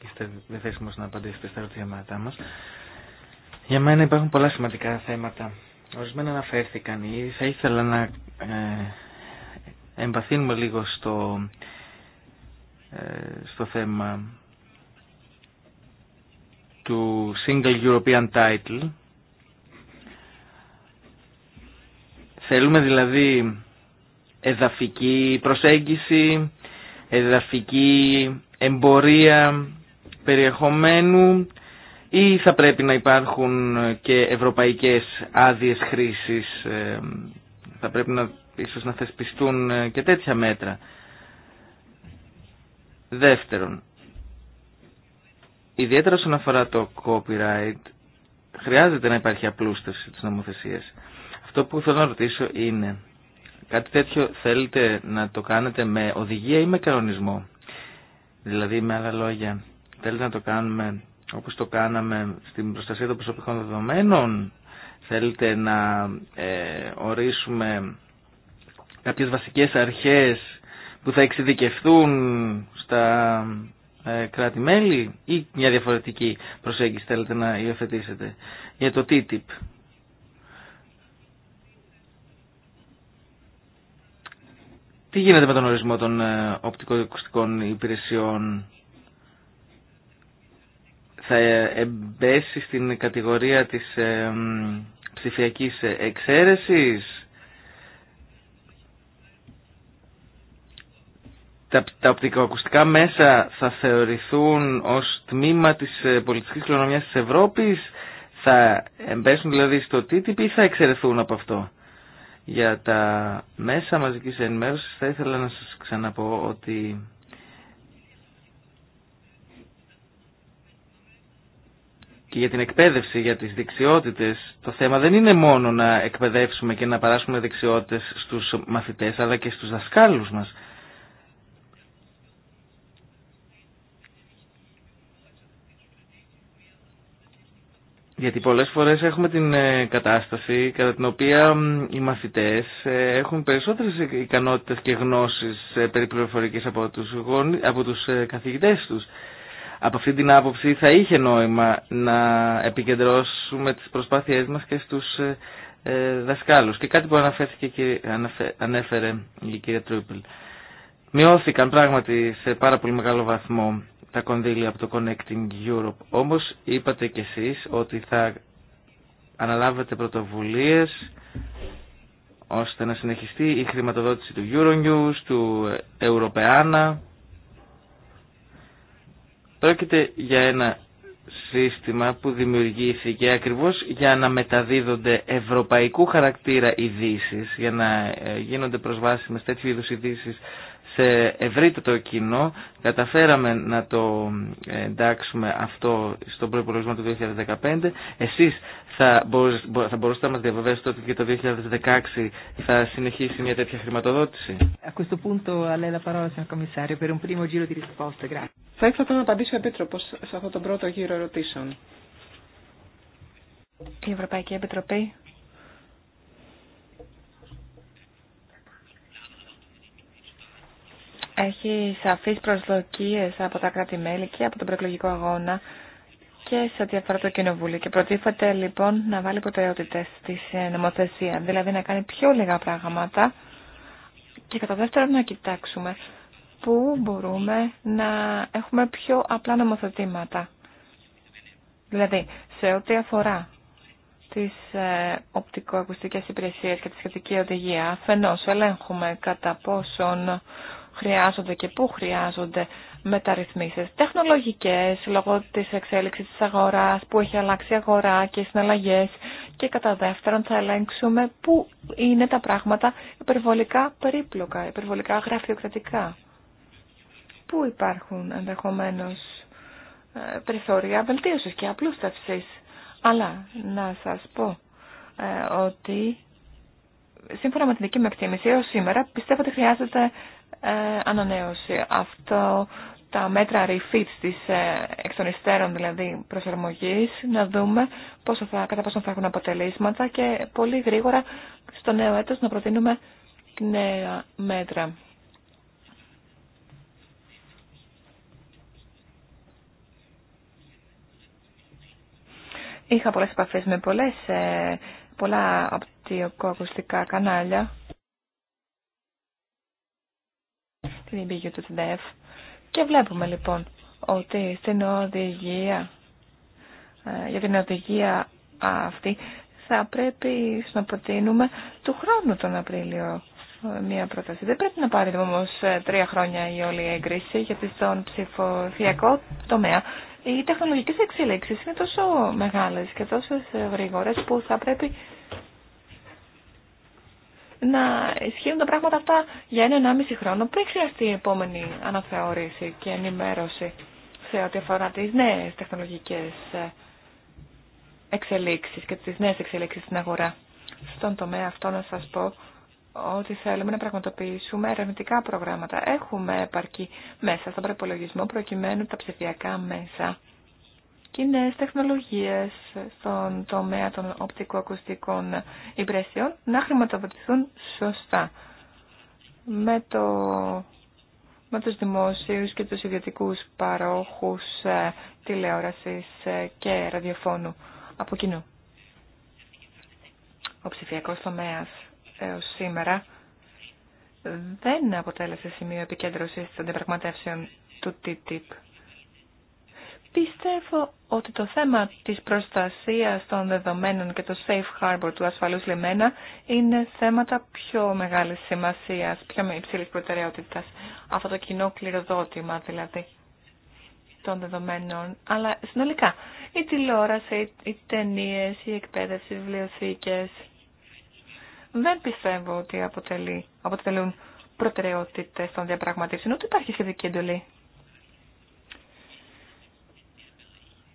είστε διαθέσιμο να απαντήσετε στα ερωτήματά μα. Για μένα υπάρχουν πολλά σημαντικά θέματα. Ορισμένα αναφέρθηκαν ή Θα ήθελα να ε, εμπαθύνουμε λίγο στο, ε, στο θέμα του Single European Title. Θέλουμε δηλαδή εδαφική προσέγγιση, εδαφική εμπορία περιεχομένου ή θα πρέπει να υπάρχουν και ευρωπαϊκές άδειες χρήσης, ε, θα πρέπει να, ίσως να θεσπιστούν ε, και τέτοια μέτρα. Δεύτερον, ιδιαίτερα όσον αφορά το copyright, χρειάζεται να υπάρχει απλούστευση της νομοθεσίας. Αυτό που θέλω να ρωτήσω είναι, κάτι τέτοιο θέλετε να το κάνετε με οδηγία ή με κανονισμό. Δηλαδή με άλλα λόγια, θέλετε να το κάνουμε όπως το κάναμε στην προστασία των προσωπικών δεδομένων. Θέλετε να ε, ορίσουμε κάποιες βασικές αρχές που θα εξειδικευτούν στα ε, κράτη-μέλη ή μια διαφορετική προσέγγιση θέλετε να υιοθετήσετε για το TTIP. Τι γίνεται με τον ορισμό των ε, οπτικοακουστικών υπηρεσιών. Θα ε, εμπέσει στην κατηγορία της ε, ψηφιακής εξαίρεσης. Τα, τα οπτικοακουστικά μέσα θα θεωρηθούν ως τμήμα της πολιτικής κληρονομιάς της Ευρώπης. Θα εμπέσουν δηλαδή στο TTIP ή θα εξαιρεθούν από αυτό. Για τα μέσα μαζικής ενημέρωσης θα ήθελα να σας ξαναπώ ότι και για την εκπαίδευση, για τις δεξιότητες, το θέμα δεν είναι μόνο να εκπαιδεύσουμε και να παράσουμε δεξιότητες στους μαθητές, αλλά και στους δασκάλους μας. Γιατί πολλές φορές έχουμε την ε, κατάσταση κατά την οποία οι μαθητές ε, έχουν περισσότερες ικανότητες και γνώσεις ε, περίπληροφορικές από τους, από τους καθηγητές τους. Από αυτή την άποψη θα είχε νόημα να επικεντρώσουμε τις προσπάθειές μας και στους δασκάλους. Και κάτι που αναφέρθηκε και ανέφερε η κυρία Τρούπελ. Μειώθηκαν πράγματι σε πάρα πολύ μεγάλο βαθμό τα κονδύλια από το Connecting Europe. Όμως είπατε κι εσείς ότι θα αναλάβετε πρωτοβουλίες ώστε να συνεχιστεί η χρηματοδότηση του Euronews, του Europeana. Πρόκειται για ένα σύστημα που δημιουργήθηκε ακριβώς για να μεταδίδονται ευρωπαϊκού χαρακτήρα ειδήσει, για να ε, γίνονται προσβάσιμες τέτοιου είδους ειδήσει σε ευρύτερο κοινό. Καταφέραμε να το εντάξουμε αυτό στον προϋπολογισμό του 2015. Εσείς θα, μπορούσατε να μας διαβεβαίωσετε ότι και το 2016 θα συνεχίσει μια τέτοια χρηματοδότηση. Θα ήθελα να απαντήσω ο Επίτροπος σε αυτό τον πρώτο γύρο ερωτήσεων. Η Ευρωπαϊκή Επιτροπή έχει σαφείς προσδοκίες από τα κράτη-μέλη και από τον προεκλογικό αγώνα και σε ό,τι αφορά το Κοινοβούλιο. Και προτίθεται λοιπόν να βάλει προτεραιότητε στη ε, νομοθεσία, δηλαδή να κάνει πιο λίγα πράγματα και κατά δεύτερον να κοιτάξουμε πού μπορούμε να έχουμε πιο απλά νομοθετήματα. Δηλαδή, σε ό,τι αφορά τις ε, οπτικοακουστικές υπηρεσίες και τη σχετική οδηγία, αφενός ελέγχουμε κατά πόσον χρειάζονται και πού χρειάζονται μεταρρυθμίσεις τεχνολογικές λόγω της εξέλιξης της αγοράς, που έχει αλλάξει η αγορά και οι συναλλαγές και κατά δεύτερον θα ελέγξουμε πού είναι τα πράγματα υπερβολικά περίπλοκα, υπερβολικά γραφειοκρατικά. Πού υπάρχουν ενδεχομένως ε, περιθώρια βελτίωσης και απλούστευσης. Αλλά να σας πω ε, ότι σύμφωνα με την δική μου εκτίμηση έως σήμερα πιστεύω ότι χρειάζεται ε, ανανέωση. Αυτό τα μέτρα refit της ε, εκ των υστέρων δηλαδή προσαρμογής, να δούμε πόσο θα, κατά πόσο θα έχουν αποτελέσματα και πολύ γρήγορα στο νέο έτος να προτείνουμε νέα μέτρα. Είχα πολλές επαφές με πολλές, ε, πολλά οπτικοακουστικά κανάλια. την εμπειρία του ΣΔΕΦ Και βλέπουμε λοιπόν ότι στην οδηγία, ε, για την οδηγία αυτή θα πρέπει να προτείνουμε του χρόνου τον Απρίλιο ε, μία πρόταση. Δεν πρέπει να πάρει όμω ε, τρία χρόνια η όλη έγκριση, γιατί στον ψηφοφιακό τομέα οι τεχνολογικέ εξελίξει είναι τόσο μεγάλε και τόσο γρήγορε που θα πρέπει να ισχύουν τα πράγματα αυτά για ένα-ενάμιση χρόνο πριν χρειαστεί η επόμενη αναθεώρηση και ενημέρωση σε ό,τι αφορά τις νέες τεχνολογικές ε, εξελίξεις και τις νέες εξελίξεις στην αγορά. Στον τομέα αυτό να σας πω ότι θέλουμε να πραγματοποιήσουμε ερευνητικά προγράμματα. Έχουμε επαρκή μέσα στον προπολογισμό προκειμένου τα ψηφιακά μέσα και τεχνολογίες τεχνολογίε στον τομέα των οπτικοακουστικών υπηρεσιών να χρηματοδοτηθούν σωστά με, το, με τους δημόσιους και τους ιδιωτικούς παρόχους ε, τηλεόρασης ε, και ραδιοφώνου από κοινού. Ο ψηφιακός τομέας έως σήμερα δεν αποτέλεσε σημείο επικέντρωσης των διαπραγματεύσεων του TTIP Πιστεύω ότι το θέμα της προστασίας των δεδομένων και το safe harbor του ασφαλούς λιμένα είναι θέματα πιο μεγάλης σημασίας, πιο με υψηλής προτεραιότητας. Αυτό το κοινό κληροδότημα δηλαδή των δεδομένων, αλλά συνολικά η τηλεόραση, οι ταινίε, η εκπαίδευση, οι βιβλιοθήκες δεν πιστεύω ότι αποτελεί, αποτελούν προτεραιότητες των διαπραγματεύσεων, ούτε υπάρχει σχετική εντολή.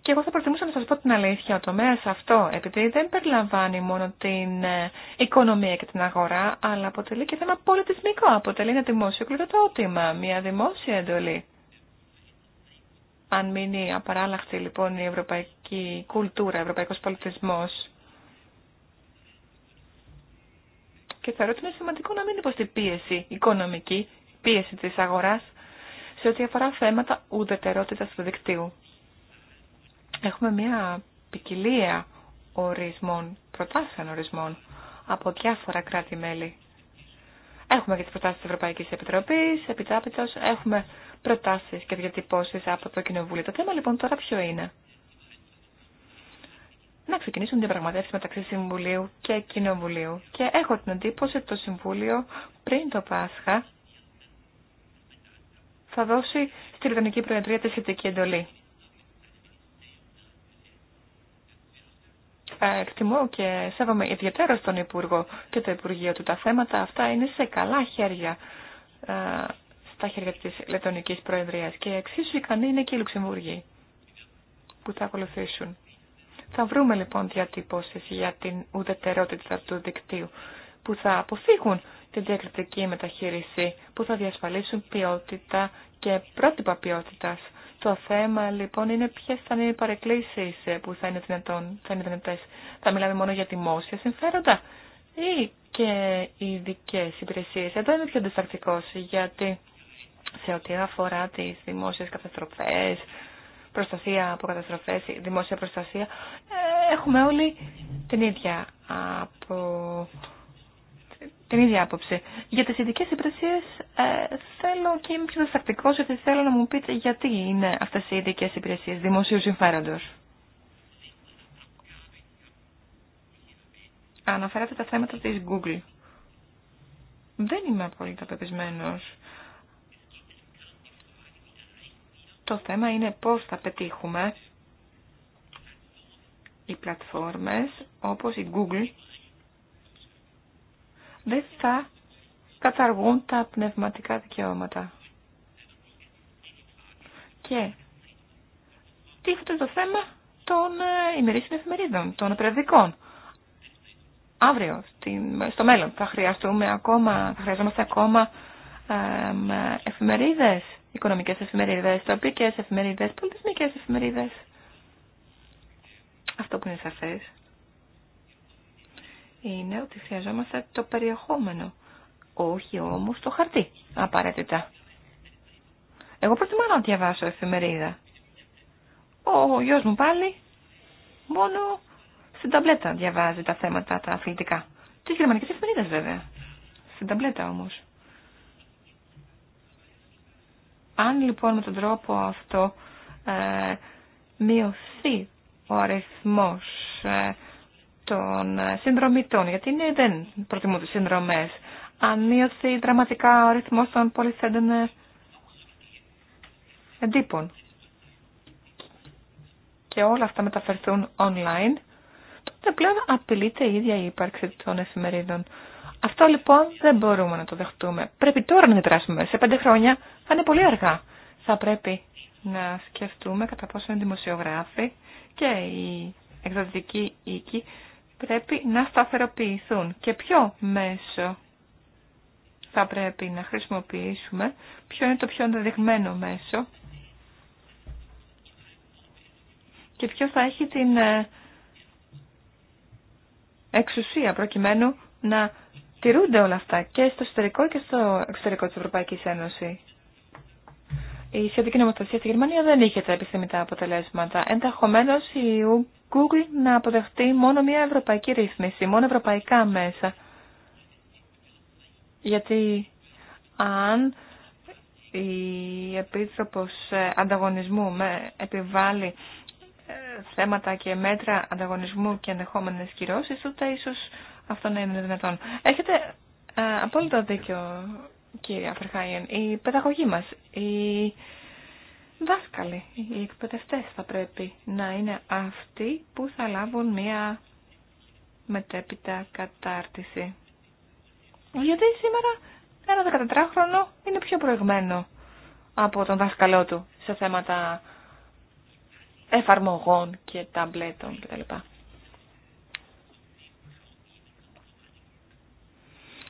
Και εγώ θα προτιμούσα να σας πω την αλήθεια, ο τομέας αυτό, επειδή δεν περιλαμβάνει μόνο την ε, οικονομία και την αγορά, αλλά αποτελεί και θέμα πολιτισμικό, αποτελεί ένα δημόσιο κληροδότημα, μια δημόσια εντολή. Αν μείνει απαράλλαχτη λοιπόν η ευρωπαϊκή κουλτούρα, ο ευρωπαϊκός πολιτισμός, και θεωρώ ότι είναι σημαντικό να μην υποστεί πίεση οικονομική, πίεση της αγοράς, σε ό,τι αφορά θέματα ουδετερότητας του δικτύου. Έχουμε μια ποικιλία ορισμών, προτάσεων ορισμών από διάφορα κράτη-μέλη. Έχουμε και τις προτάσεις της Ευρωπαϊκής Επιτροπής, επιτάπητος, έχουμε προτάσεις και διατυπώσεις από το Κοινοβούλιο. Το θέμα λοιπόν τώρα ποιο είναι. Να ξεκινήσουν διαπραγματεύσεις μεταξύ Συμβουλίου και Κοινοβουλίου. Και έχω την εντύπωση ότι το Συμβούλιο πριν το Πάσχα θα δώσει στη Λιτωνική Προεδρία τη σχετική εντολή. εκτιμώ και σέβομαι ιδιαίτερα στον Υπουργό και το Υπουργείο του. Τα θέματα αυτά είναι σε καλά χέρια, ε, στα χέρια της Λετωνικής Προεδρίας και εξίσου ικανοί είναι και οι Λουξεμβούργοι που θα ακολουθήσουν. Θα βρούμε λοιπόν διατυπώσεις για την ουδετερότητα του δικτύου που θα αποφύγουν την διακριτική μεταχείριση, που θα διασφαλίσουν ποιότητα και πρότυπα ποιότητας το θέμα λοιπόν είναι ποιε θα είναι οι παρεκκλήσει ε, που θα είναι, δυνατόν, θα είναι δυνατές. Θα μιλάμε μόνο για δημόσια συμφέροντα ή και ειδικέ υπηρεσίε. Εδώ είναι πιο αντιστακτικό, γιατί σε ό,τι αφορά τι δημόσιε καταστροφέ, προστασία από καταστροφέ, δημόσια προστασία, ε, έχουμε όλοι την ίδια από την ίδια άποψη. Για τις ειδικές υπηρεσίες ε, θέλω και είμαι πιο διστακτικός γιατί θέλω να μου πείτε γιατί είναι αυτές οι ειδικές υπηρεσίες δημοσίου συμφέροντος. Αναφέρατε τα θέματα της Google. Δεν είμαι απόλυτα πεπισμένο. Το θέμα είναι πώς θα πετύχουμε οι πλατφόρμες όπως η Google δεν θα καταργούν τα πνευματικά δικαιώματα. Και τίθεται το θέμα των ε, ημερήσιων εφημερίδων, των περιοδικών. Αύριο, στο μέλλον, θα χρειαστούμε ακόμα, θα χρειαζόμαστε ακόμα εφημερίδες, οικονομικές εφημερίδες, τοπικές εφημερίδες, πολιτισμικές εφημερίδες. Αυτό που είναι σαφές είναι ότι χρειαζόμαστε το περιεχόμενο, όχι όμως το χαρτί, απαραίτητα. Εγώ προτιμώ να διαβάσω εφημερίδα. Ο γιος μου πάλι μόνο στην ταμπλέτα διαβάζει τα θέματα τα αθλητικά. Τις γερμανικές εφημερίδες βέβαια. Στην ταμπλέτα όμως. Αν λοιπόν με τον τρόπο αυτό ε, μειωθεί ο αριθμός ε, των ε, συνδρομητών, γιατί είναι, δεν προτιμούν τις συνδρομές. μείωθεί δραματικά ο ρυθμός των πολυθέντων ε, εντύπων. Και όλα αυτά μεταφερθούν online, τότε πλέον απειλείται η ίδια η ύπαρξη των εφημερίδων. Αυτό λοιπόν δεν μπορούμε να το δεχτούμε. Πρέπει τώρα να δράσουμε. Σε πέντε χρόνια θα είναι πολύ αργά. Θα πρέπει να σκεφτούμε κατά πόσο είναι δημοσιογράφοι και η εκδοτική οίκη πρέπει να σταθεροποιηθούν και ποιο μέσο θα πρέπει να χρησιμοποιήσουμε, ποιο είναι το πιο ενδεδειγμένο μέσο και ποιο θα έχει την ε, εξουσία προκειμένου να τηρούνται όλα αυτά και στο εσωτερικό και στο εξωτερικό της Ευρωπαϊκής Ένωσης η σχετική νομοθεσία στη Γερμανία δεν είχε τα επιθυμητά αποτελέσματα. Ενδεχομένω η Google να αποδεχτεί μόνο μια ευρωπαϊκή ρύθμιση, μόνο ευρωπαϊκά μέσα. Γιατί αν η Επίτροπος Ανταγωνισμού με επιβάλλει ε, θέματα και μέτρα ανταγωνισμού και ενδεχόμενε κυρώσει, ούτε ίσως αυτό να είναι δυνατόν. Έχετε ε, απόλυτο δίκιο κύριε Αφερχάιεν, οι παιδαγωγοί μας, οι δάσκαλοι, οι εκπαιδευτές θα πρέπει να είναι αυτοί που θα λάβουν μία μετέπειτα κατάρτιση. Γιατί σήμερα ένα 14χρονο είναι πιο προηγμένο από τον δάσκαλό του σε θέματα εφαρμογών και ταμπλέτων κτλ.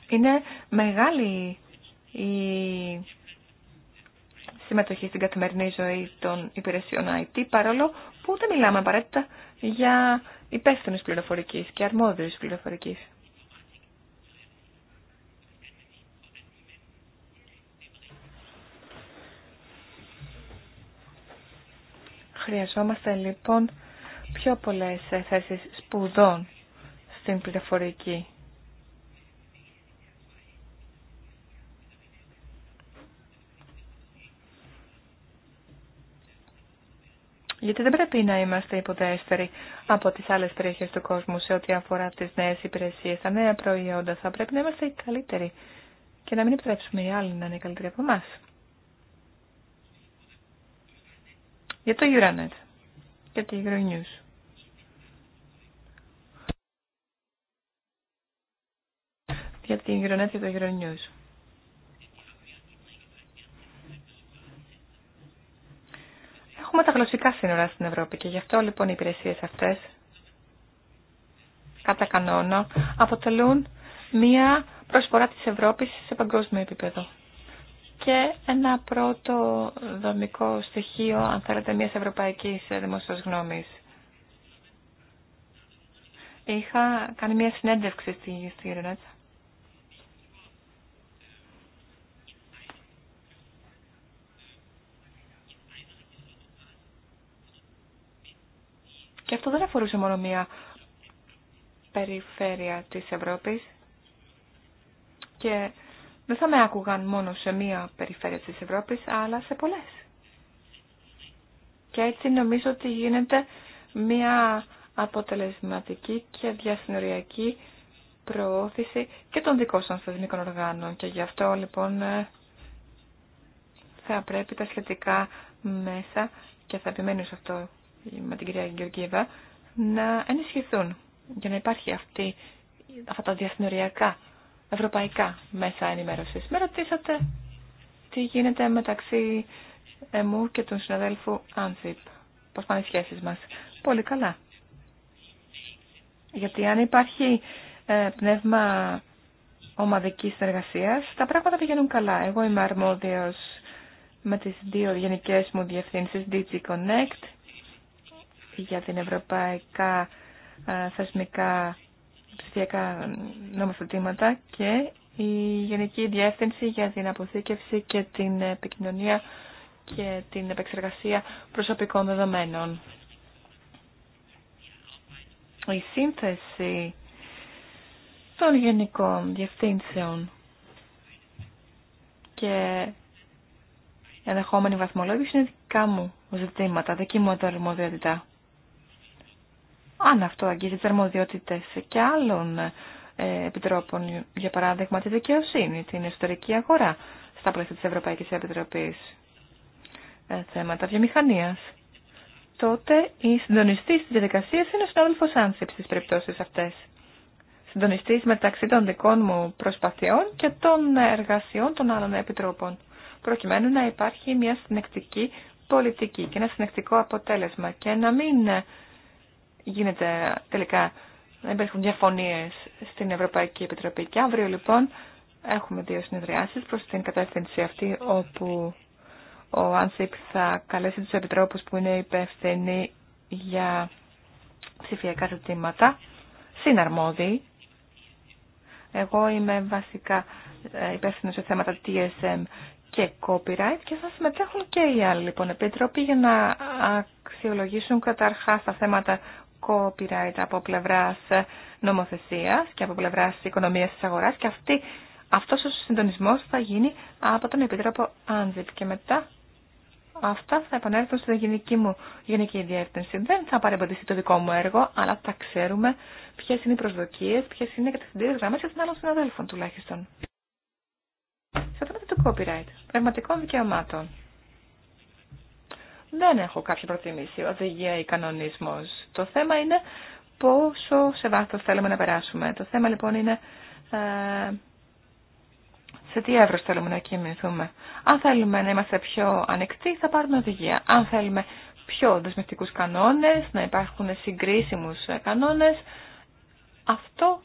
Είναι μεγάλη η συμμετοχή στην καθημερινή ζωή των υπηρεσιών IT, παρόλο που δεν μιλάμε απαραίτητα για υπεύθυνε πληροφορική και αρμόδιε πληροφορική. Χρειαζόμαστε λοιπόν πιο πολλές θέσεις σπουδών στην πληροφορική Γιατί δεν πρέπει να είμαστε υποδέστεροι από τις άλλες περιοχές του κόσμου σε ό,τι αφορά τις νέες υπηρεσίες, τα νέα προϊόντα. Θα πρέπει να είμαστε οι καλύτεροι και να μην επιτρέψουμε οι άλλοι να είναι καλύτεροι από εμά. Για το Euronet και το Euronews. Για την Euronet και το Euronews. έχουμε τα γλωσσικά σύνορα στην Ευρώπη και γι' αυτό λοιπόν οι υπηρεσίες αυτές κατά κανόνα αποτελούν μία προσφορά της Ευρώπης σε παγκόσμιο επίπεδο. Και ένα πρώτο δομικό στοιχείο, αν θέλετε, μιας ευρωπαϊκής δημοσίως γνώμης. Είχα κάνει μια προσφορα της ευρωπης σε παγκοσμιο επιπεδο και ενα πρωτο δομικο στοιχειο αν θελετε μιας ευρωπαικης δημοσίας γνωμης ειχα κανει μια συνεντευξη στη, στη Και αυτό δεν αφορούσε μόνο μία περιφέρεια της Ευρώπης και δεν θα με άκουγαν μόνο σε μία περιφέρεια της Ευρώπης, αλλά σε πολλές. Και έτσι νομίζω ότι γίνεται μία αποτελεσματική και διασυνοριακή προώθηση και των δικών σας θεσμικών οργάνων. Και γι' αυτό λοιπόν ε, θα πρέπει τα σχετικά μέσα, και θα επιμένω σε αυτό με την κυρία Γεωργίβα, να ενισχυθούν για να υπάρχει αυτή, αυτά τα διασυνοριακά ευρωπαϊκά μέσα ενημέρωσης. Με ρωτήσατε τι γίνεται μεταξύ εμού και του συναδέλφου Ανθιπ, Πώς πάνε οι σχέσεις μας. Πολύ καλά. Γιατί αν υπάρχει ε, πνεύμα ομαδικής συνεργασίας, τα πράγματα πηγαίνουν καλά. Εγώ είμαι αρμόδιος με τις δύο γενικές μου διευθύνσεις, DG Connect για την ευρωπαϊκά ε, θεσμικά ψηφιακά νομοθετήματα και η Γενική Διεύθυνση για την αποθήκευση και την επικοινωνία και την επεξεργασία προσωπικών δεδομένων. Η σύνθεση των γενικών διευθύνσεων και ενδεχόμενη βαθμολόγηση είναι δικά μου ζητήματα, δική μου αρμοδιότητα αν αυτό αγγίζει τις αρμοδιότητες και άλλων ε, επιτρόπων, για παράδειγμα τη δικαιοσύνη, την εσωτερική αγορά στα πλαίσια της Ευρωπαϊκής Επιτροπής, ε, θέματα βιομηχανίας, τότε η συντονιστή της διαδικασίας είναι ο συνάδελφος Άνσιπ στις περιπτώσεις αυτές. Συντονιστής μεταξύ των δικών μου προσπαθειών και των εργασιών των άλλων επιτρόπων, προκειμένου να υπάρχει μια συνεκτική πολιτική και ένα συνεκτικό αποτέλεσμα και να μην ε, γίνεται τελικά να υπάρχουν διαφωνίε στην Ευρωπαϊκή Επιτροπή. Και αύριο λοιπόν έχουμε δύο συνεδριάσει προ την κατεύθυνση αυτή, όπου ο Άνσιπ θα καλέσει του επιτρόπου που είναι υπεύθυνοι για ψηφιακά ζητήματα, συναρμόδιοι. Εγώ είμαι βασικά ε, υπεύθυνο σε θέματα TSM και copyright και θα συμμετέχουν και οι άλλοι λοιπόν επίτροποι για να αξιολογήσουν καταρχάς τα θέματα copyright από πλευράς νομοθεσίας και από πλευράς οικονομίας της αγοράς και αυτή, αυτός ο συντονισμός θα γίνει από τον Επίτροπο Άντζιπ και μετά αυτά θα επανέλθουν στην γενική μου γενική διεύθυνση. Δεν θα παρεμποδιστεί το δικό μου έργο, αλλά θα ξέρουμε ποιε είναι οι προσδοκίε, ποιε είναι οι κατευθυντήριε γραμμέ των άλλων συναδέλφων τουλάχιστον. Σε θέματα του copyright, πνευματικών δικαιωμάτων. Δεν έχω κάποια προτιμήση, οδηγία ή κανονισμός. Το θέμα είναι πόσο σε βάθος θέλουμε να περάσουμε. Το θέμα λοιπόν είναι ε, σε τι έυρος θέλουμε να κινηθούμε. Αν θέλουμε να είμαστε πιο ανοιχτοί, θα πάρουμε οδηγία. Αν θέλουμε πιο δεσμευτικούς κανόνες, να υπάρχουν συγκρίσιμους κανόνες, αυτό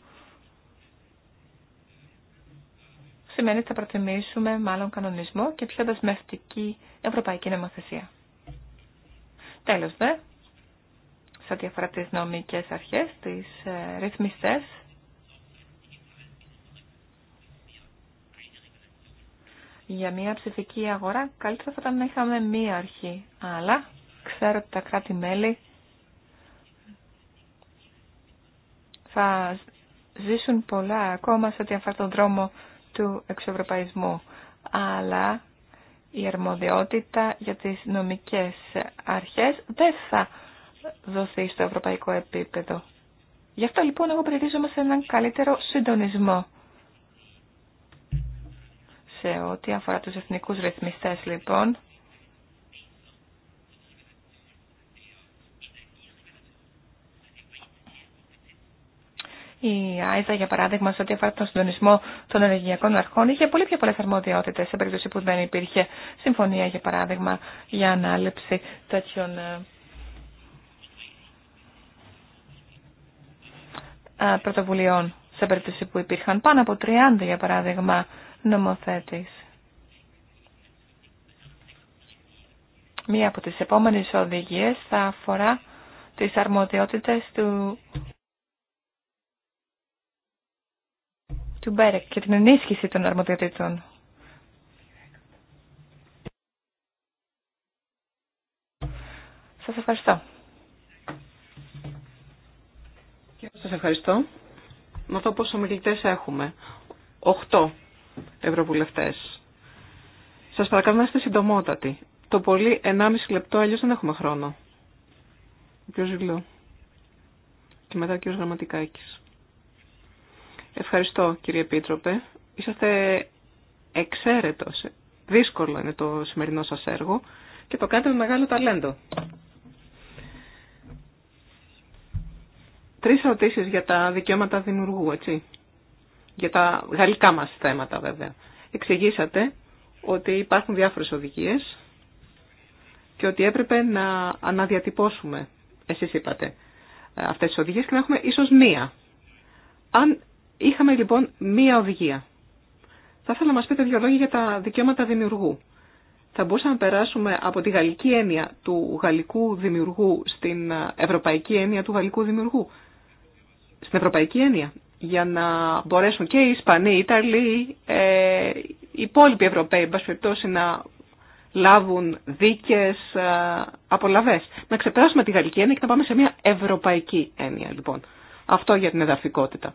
σημαίνει ότι θα προτιμήσουμε μάλλον κανονισμό και πιο δεσμευτική ευρωπαϊκή νομοθεσία. Τέλος δε, σε ό,τι αφορά τις νομικές αρχές, τις ε, ρυθμιστές. Για μια ψηφική αγορά καλύτερα θα ήταν να είχαμε μία αρχή, αλλά ξέρω ότι τα κράτη-μέλη θα ζήσουν πολλά ακόμα σε ό,τι αφορά τον δρόμο του εξευρωπαϊσμού. Αλλά η αρμοδιότητα για τις νομικές αρχές δεν θα δοθεί στο ευρωπαϊκό επίπεδο. Γι' αυτό λοιπόν εγώ περιορίζομαι σε έναν καλύτερο συντονισμό. Σε ό,τι αφορά τους εθνικούς ρυθμιστές λοιπόν, Η ΆΙΖΑ, για παράδειγμα, σε ό,τι αφορά τον συντονισμό των ενεργειακών αρχών, είχε πολύ πιο πολλέ αρμοδιότητε σε περίπτωση που δεν υπήρχε συμφωνία, για παράδειγμα, για ανάληψη τέτοιων ε, Ε, πρωτοβουλειών σε περίπτωση που υπήρχαν πάνω από 30 για παράδειγμα νομοθέτης. Μία από τις επόμενες οδηγίες θα αφορά τις αρμοδιότητες του, του Μπέρεκ και την ενίσχυση των αρμοδιοτήτων. Σας ευχαριστώ. Σας ευχαριστώ. Να δω πόσο ομιλητές έχουμε. Οχτώ ευρωβουλευτές. Σας παρακαλώ να είστε συντομότατοι. Το πολύ 1,5 λεπτό, αλλιώς δεν έχουμε χρόνο. Ο Ζηλό. Και μετά ο κύριο Γραμματικάκης. Ευχαριστώ κύριε Επίτροπε. Είσαστε εξαίρετος. Δύσκολο είναι το σημερινό σας έργο και το κάνετε με μεγάλο ταλέντο. Τρεις ερωτήσει για τα δικαιώματα δημιουργού, έτσι. Για τα γαλλικά μας θέματα βέβαια. Εξηγήσατε ότι υπάρχουν διάφορες οδηγίες και ότι έπρεπε να αναδιατυπώσουμε, εσείς είπατε, ε, αυτές τις οδηγίες και να έχουμε ίσως μία. Αν είχαμε λοιπόν μία οδηγία, θα ήθελα να μας πείτε δύο λόγια για τα δικαιώματα δημιουργού. Θα μπορούσαμε να περάσουμε από τη γαλλική έννοια του γαλλικού δημιουργού στην ε, ευρωπαϊκή έννοια του γαλλικού δημιουργού στην ευρωπαϊκή έννοια για να μπορέσουν και οι Ισπανοί, οι Ιταλοί, ε, οι υπόλοιποι Ευρωπαίοι, εν να λάβουν δίκες ε, απολαβές. Να ξεπεράσουμε τη γαλλική έννοια και να πάμε σε μια ευρωπαϊκή έννοια, λοιπόν. Αυτό για την εδαφικότητα.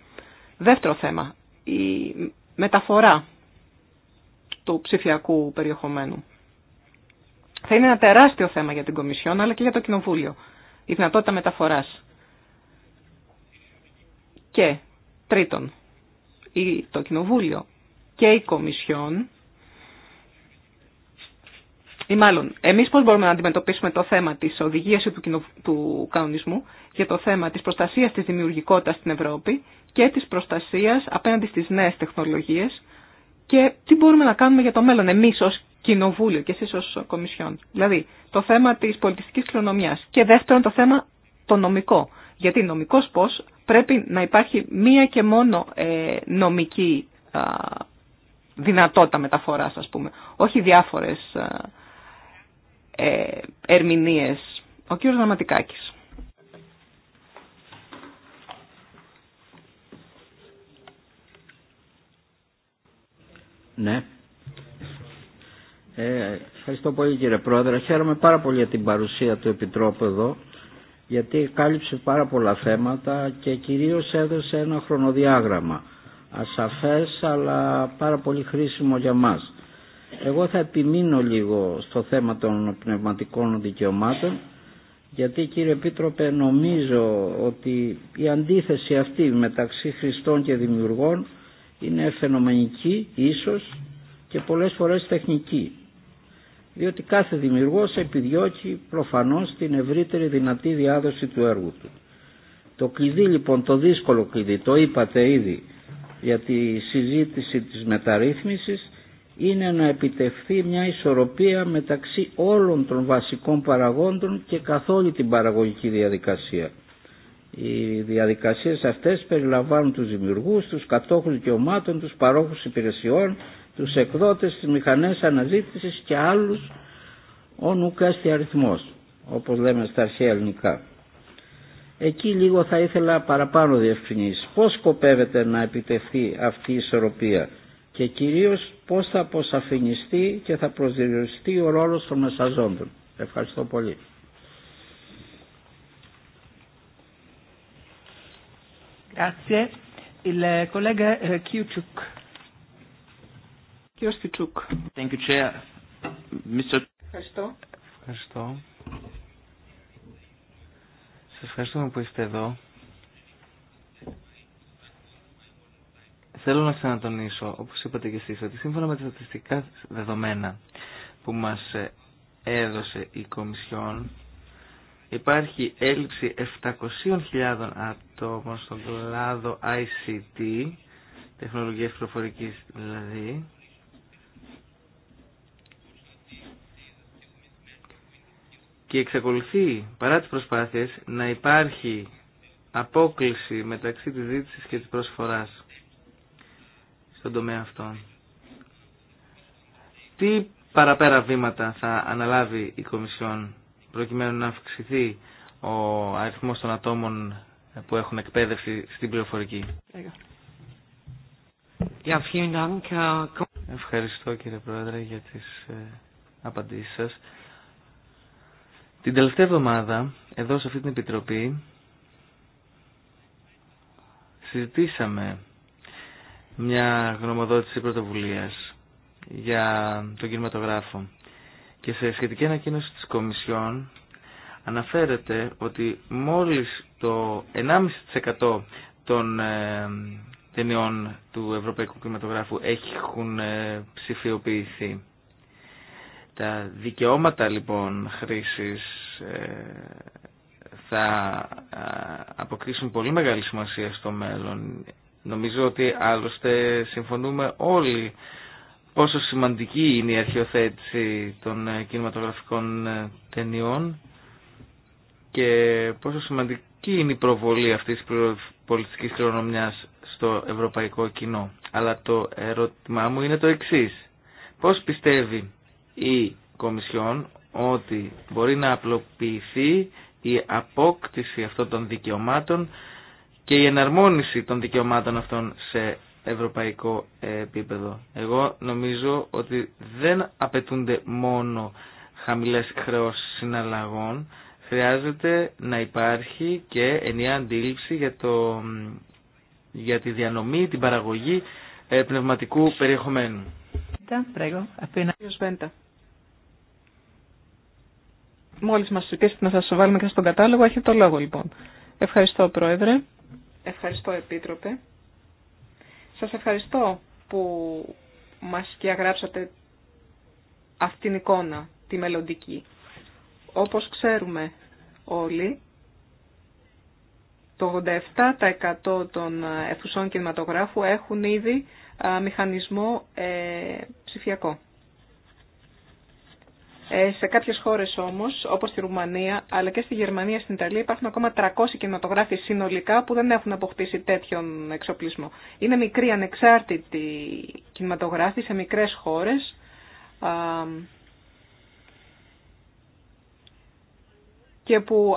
Δεύτερο θέμα, η μεταφορά του ψηφιακού περιεχομένου. Θα είναι ένα τεράστιο θέμα για την Κομισιόν, αλλά και για το Κοινοβούλιο. Η δυνατότητα μεταφοράς και τρίτον, το Κοινοβούλιο και η Κομισιόν, ή μάλλον, εμείς πώς μπορούμε να αντιμετωπίσουμε το θέμα της οδηγίας του, του κανονισμού για το θέμα της προστασίας της δημιουργικότητας στην Ευρώπη και της προστασίας απέναντι στις νέες τεχνολογίες και τι μπορούμε να κάνουμε για το μέλλον εμείς ως Κοινοβούλιο και εσείς ως Κομισιόν. Δηλαδή, το θέμα της πολιτιστικής κληρονομιάς και δεύτερον το θέμα το νομικό. Γιατί νομικός πώς πρέπει να υπάρχει μία και μόνο ε, νομική δυνατότητα μεταφοράς, ας πούμε. Όχι διάφορες ε, ερμηνείες. Ο κύριος Δραματικάκης. Ναι. Ε, ευχαριστώ πολύ κύριε Πρόεδρε. Χαίρομαι πάρα πολύ για την παρουσία του Επιτρόπου εδώ γιατί κάλυψε πάρα πολλά θέματα και κυρίως έδωσε ένα χρονοδιάγραμμα ασαφές αλλά πάρα πολύ χρήσιμο για μας. Εγώ θα επιμείνω λίγο στο θέμα των πνευματικών δικαιωμάτων γιατί κύριε Επίτροπε νομίζω ότι η αντίθεση αυτή μεταξύ χριστών και δημιουργών είναι φαινομενική ίσως και πολλές φορές τεχνική διότι κάθε δημιουργός επιδιώκει προφανώς την ευρύτερη δυνατή διάδοση του έργου του. Το κλειδί λοιπόν, το δύσκολο κλειδί, το είπατε ήδη για τη συζήτηση της μεταρρύθμισης, είναι να επιτευχθεί μια ισορροπία μεταξύ όλων των βασικών παραγόντων και καθ' όλη την παραγωγική διαδικασία. Οι διαδικασίες αυτές περιλαμβάνουν τους δημιουργούς, τους κατόχους δικαιωμάτων, τους παρόχους υπηρεσιών, τους εκδότες, τις μηχανές αναζήτησης και άλλους ο νουκάστη αριθμός, όπως λέμε στα αρχαία ελληνικά. Εκεί λίγο θα ήθελα παραπάνω διευκρινήσεις. Πώς σκοπεύετε να επιτευχθεί αυτή η ισορροπία και κυρίως πώς θα αποσαφινιστεί και θα προσδιοριστεί ο ρόλος των μεσαζόντων. Ευχαριστώ πολύ. Grazie. Il collega eh, Thank you, Chair. Mr. Ευχαριστώ. Ευχαριστώ. Σας ευχαριστούμε που είστε εδώ. Θέλω να ανατονίσω, όπως είπατε και εσείς, ότι σύμφωνα με τα στατιστικά δεδομένα που μας ε, έδωσε η Κομισιόν, υπάρχει έλλειψη 700.000 ατόμων στον κλάδο ICT, τεχνολογίας προφορικής δηλαδή, και εξακολουθεί παρά τις προσπάθειες να υπάρχει απόκληση μεταξύ της ζήτησης και της προσφοράς στον τομέα αυτόν. Τι παραπέρα βήματα θα αναλάβει η Κομισιόν προκειμένου να αυξηθεί ο αριθμός των ατόμων που έχουν εκπαίδευση στην πληροφορική. Uh, Ευχαριστώ κύριε Πρόεδρε για τις ε, απαντήσεις σας. Την τελευταία εβδομάδα, εδώ σε αυτή την Επιτροπή, συζητήσαμε μια γνωμοδότηση πρωτοβουλίας για τον κινηματογράφο και σε σχετική ανακοίνωση της Κομισιόν αναφέρεται ότι μόλις το 1,5% των ε, ταινιών του Ευρωπαϊκού Κινηματογράφου έχουν ε, ψηφιοποιηθεί. Τα δικαιώματα λοιπόν χρήσης ε, θα ε, αποκτήσουν πολύ μεγάλη σημασία στο μέλλον. Νομίζω ότι άλλωστε συμφωνούμε όλοι πόσο σημαντική είναι η αρχιοθέτηση των ε, κινηματογραφικών ταινιών και πόσο σημαντική είναι η προβολή αυτής της πολιτικής κληρονομιάς στο ευρωπαϊκό κοινό. Αλλά το ερώτημά μου είναι το εξής. Πώς πιστεύει η Κομισιόν ότι μπορεί να απλοποιηθεί η απόκτηση αυτών των δικαιωμάτων και η εναρμόνιση των δικαιωμάτων αυτών σε ευρωπαϊκό επίπεδο. Εγώ νομίζω ότι δεν απαιτούνται μόνο χαμηλές χρεώσεις συναλλαγών, χρειάζεται να υπάρχει και ενιαία αντίληψη για, το, για τη διανομή, την παραγωγή ε, πνευματικού περιεχομένου. Μόλις μας ζητήσετε να σας βάλουμε και στον κατάλογο, έχετε το λόγο λοιπόν. Ευχαριστώ Πρόεδρε. Ευχαριστώ Επίτροπε. Σας ευχαριστώ που μας αγράψατε αυτήν την εικόνα, τη μελλοντική. Όπως ξέρουμε όλοι, το 87% των ε, αιθουσών κινηματογράφου έχουν ήδη ε, μηχανισμό ε, ψηφιακό. Ε, σε κάποιες χώρες όμως, όπως στη Ρουμανία, αλλά και στη Γερμανία, στην Ιταλία, υπάρχουν ακόμα 300 κινηματογράφοι συνολικά που δεν έχουν αποκτήσει τέτοιον εξοπλισμό. Είναι μικροί ανεξάρτητοι κινηματογράφοι σε μικρές χώρες. και που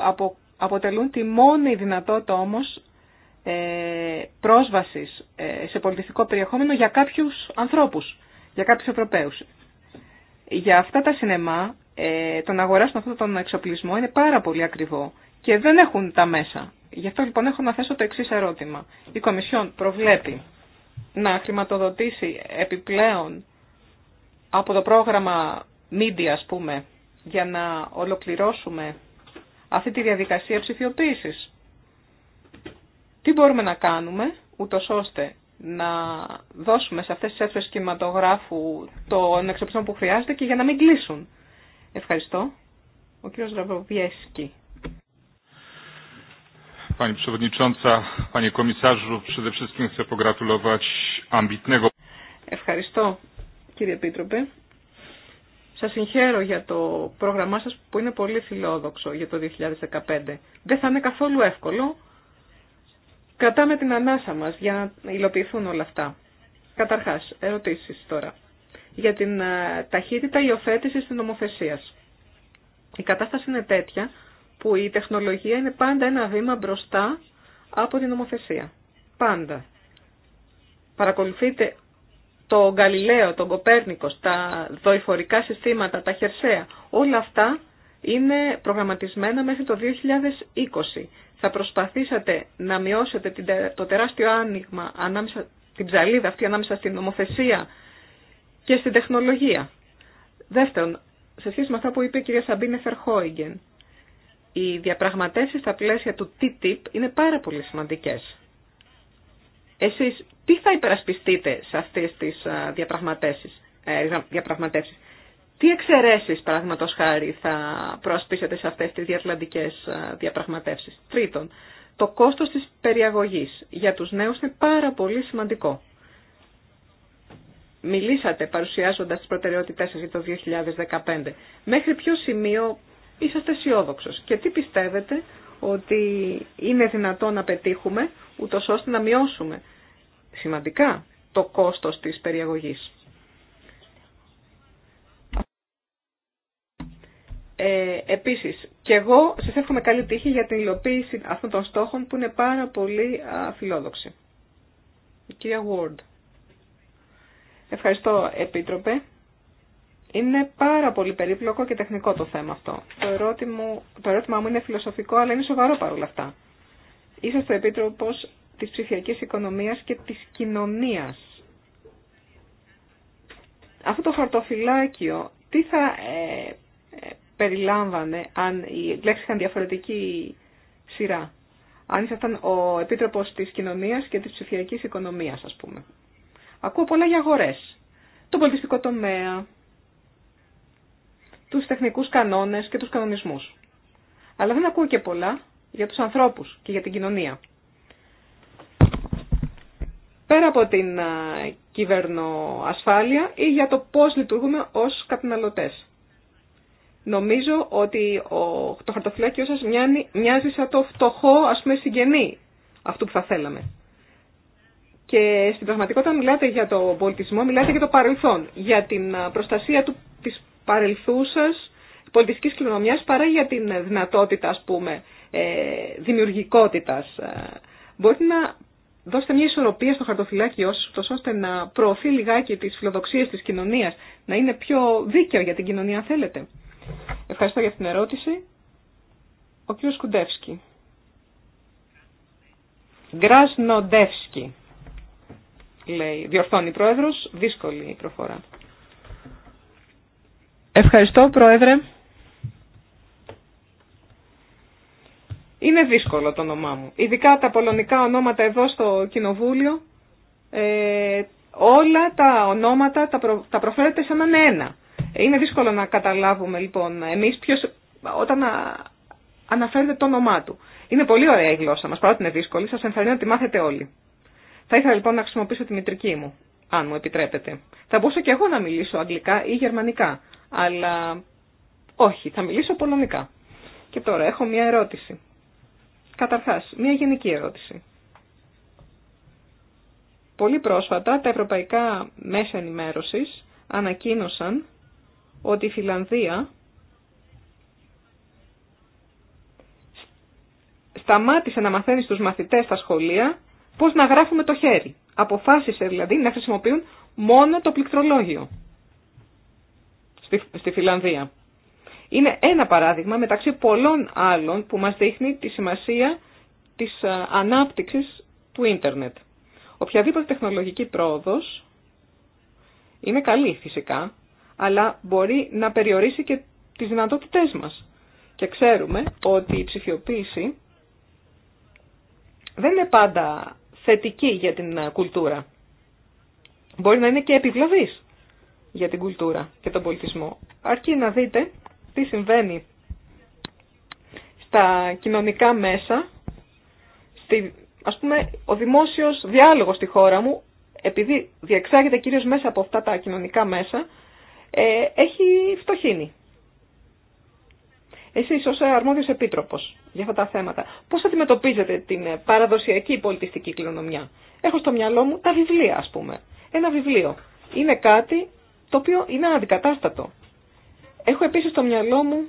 αποτελούν τη μόνη δυνατότητα όμως ε, πρόσβασης ε, σε πολιτιστικό περιεχόμενο για κάποιους ανθρώπους, για κάποιους Ευρωπαίους για αυτά τα σινεμά ε, το να αγοράσουν αυτόν τον εξοπλισμό είναι πάρα πολύ ακριβό και δεν έχουν τα μέσα. Γι' αυτό λοιπόν έχω να θέσω το εξή ερώτημα. Η Κομισιόν προβλέπει να χρηματοδοτήσει επιπλέον από το πρόγραμμα Media, ας πούμε, για να ολοκληρώσουμε αυτή τη διαδικασία ψηφιοποίησης. Τι μπορούμε να κάνουμε, ούτω ώστε να δώσουμε σε αυτές τις αίθουσες κινηματογράφου το εξοπλισμό που χρειάζεται και για να μην κλείσουν. Ευχαριστώ. Ο κύριος Ραβοβιέσκη. Ευχαριστώ, κύριε Επίτροπε. Σας συγχαίρω για το πρόγραμμά σας που είναι πολύ φιλόδοξο για το 2015. Δεν θα είναι καθόλου εύκολο, κρατάμε την ανάσα μας για να υλοποιηθούν όλα αυτά. Καταρχάς, ερωτήσεις τώρα. Για την ε, ταχύτητα υιοθέτηση της νομοθεσίας. Η κατάσταση είναι τέτοια που η τεχνολογία είναι πάντα ένα βήμα μπροστά από την νομοθεσία. Πάντα. Παρακολουθείτε το Γαλιλαίο, τον Κοπέρνικο, τα δοηφορικά συστήματα, τα χερσαία. Όλα αυτά είναι προγραμματισμένα μέχρι το 2020. Θα προσπαθήσατε να μειώσετε το τεράστιο άνοιγμα, ανάμεσα, την ψαλίδα αυτή ανάμεσα στην νομοθεσία και στην τεχνολογία. Δεύτερον, σε σχέση με αυτά που είπε η κυρία Σαμπίνε Φερχόιγγεν, οι διαπραγματεύσεις στα πλαίσια του TTIP είναι πάρα πολύ σημαντικές. Εσείς τι θα υπερασπιστείτε σε αυτές τις διαπραγματεύσεις. Ε, τι εξαιρέσεις, παραδείγματος χάρη, θα προασπίσετε σε αυτές τις διατλαντικές ε, διαπραγματεύσεις. Τρίτον, το κόστος της περιαγωγής για τους νέους είναι πάρα πολύ σημαντικό. Μιλήσατε παρουσιάζοντας τις προτεραιότητές σας για το 2015. Μέχρι ποιο σημείο είσαστε αισιόδοξο και τι πιστεύετε ότι είναι δυνατό να πετύχουμε ούτω ώστε να μειώσουμε σημαντικά το κόστος της περιαγωγής. Ε, επίσης, και εγώ σα εύχομαι καλή τύχη για την υλοποίηση αυτών των στόχων που είναι πάρα πολύ φιλόδοξη. Η κυρία Ward. Ευχαριστώ, Επίτροπε. Είναι πάρα πολύ περίπλοκο και τεχνικό το θέμα αυτό. Το, ερώτημα, το ερώτημά μου είναι φιλοσοφικό, αλλά είναι σοβαρό παρόλα αυτά. Είσαστε ο Επίτροπο της ψηφιακή οικονομίας και της κοινωνίας. Αυτό το χαρτοφυλάκιο, τι θα ε, ε περιλάμβανε αν οι λέξει είχαν διαφορετική σειρά. Αν ήσασταν ο επίτροπο της Κοινωνίας και της ψηφιακή Οικονομίας, ας πούμε. Ακούω πολλά για αγορέ. το πολιτιστικό τομέα, τους τεχνικούς κανόνες και τους κανονισμούς. Αλλά δεν ακούω και πολλά για τους ανθρώπους και για την κοινωνία. Πέρα από την κυβερνοασφάλεια ή για το πώς λειτουργούμε ως καταναλωτές. Νομίζω ότι ο, το χαρτοφυλάκιό σας μοιάζει σαν το φτωχό, ας πούμε, συγγενή αυτού που θα θέλαμε. Και στην πραγματικότητα μιλάτε για το πολιτισμό, μιλάτε για το παρελθόν, για την προστασία του, της παρελθούσας πολιτιστικής κληρονομιάς παρά για την δυνατότητα, ας πούμε, ε, δημιουργικότητας. Ε, μπορείτε να δώσετε μια ισορροπία στο χαρτοφυλάκιό σας, ώστε να προωθεί λιγάκι τις φιλοδοξίες της κοινωνίας, να είναι πιο δίκαιο για την κοινωνία, αν θέλετε. Ευχαριστώ για την ερώτηση. Ο κ. Σκουντεύσκη. Γκρασνοντεύσκη, λέει. Διορθώνει η Πρόεδρος, δύσκολη η προφορά. Ευχαριστώ, Πρόεδρε. Είναι δύσκολο το όνομά μου. Ειδικά τα πολωνικά ονόματα εδώ στο Κοινοβούλιο, ε, όλα τα ονόματα τα, προ, τα σαν ένα. Είναι δύσκολο να καταλάβουμε λοιπόν εμείς ποιος, όταν αναφέρεται το όνομά του. Είναι πολύ ωραία η γλώσσα μας, ότι είναι δύσκολη, σας ενθαρρύνω να τη μάθετε όλοι. Θα ήθελα λοιπόν να χρησιμοποιήσω τη μητρική μου, αν μου επιτρέπετε. Θα μπορούσα και εγώ να μιλήσω αγγλικά ή γερμανικά, αλλά όχι, θα μιλήσω πολωνικά. Και τώρα έχω μια ερώτηση. Καταρχάς, μια γενική ερώτηση. Πολύ πρόσφατα τα ευρωπαϊκά μέσα ενημέρωσης ανακοίνωσαν ότι η Φιλανδία σταμάτησε να μαθαίνει στους μαθητές στα σχολεία πώς να γράφουμε το χέρι. Αποφάσισε δηλαδή να χρησιμοποιούν μόνο το πληκτρολόγιο στη, Φιλανδία. Είναι ένα παράδειγμα μεταξύ πολλών άλλων που μας δείχνει τη σημασία της ε, ανάπτυξης του ίντερνετ. Οποιαδήποτε τεχνολογική πρόοδος είναι καλή φυσικά, αλλά μπορεί να περιορίσει και τις δυνατότητές μας. Και ξέρουμε ότι η ψηφιοποίηση δεν είναι πάντα θετική για την κουλτούρα. Μπορεί να είναι και επιβλαβής για την κουλτούρα και τον πολιτισμό. Αρκεί να δείτε τι συμβαίνει στα κοινωνικά μέσα, στη, ας πούμε, ο δημόσιος διάλογος στη χώρα μου, επειδή διεξάγεται κυρίως μέσα από αυτά τα κοινωνικά μέσα, ε, έχει φτωχύνει. Εσείς ως αρμόδιος επίτροπος για αυτά τα θέματα, πώς αντιμετωπίζετε την παραδοσιακή πολιτιστική κληρονομιά. Έχω στο μυαλό μου τα βιβλία ας πούμε. Ένα βιβλίο είναι κάτι το οποίο είναι αντικατάστατο. Έχω επίσης στο μυαλό μου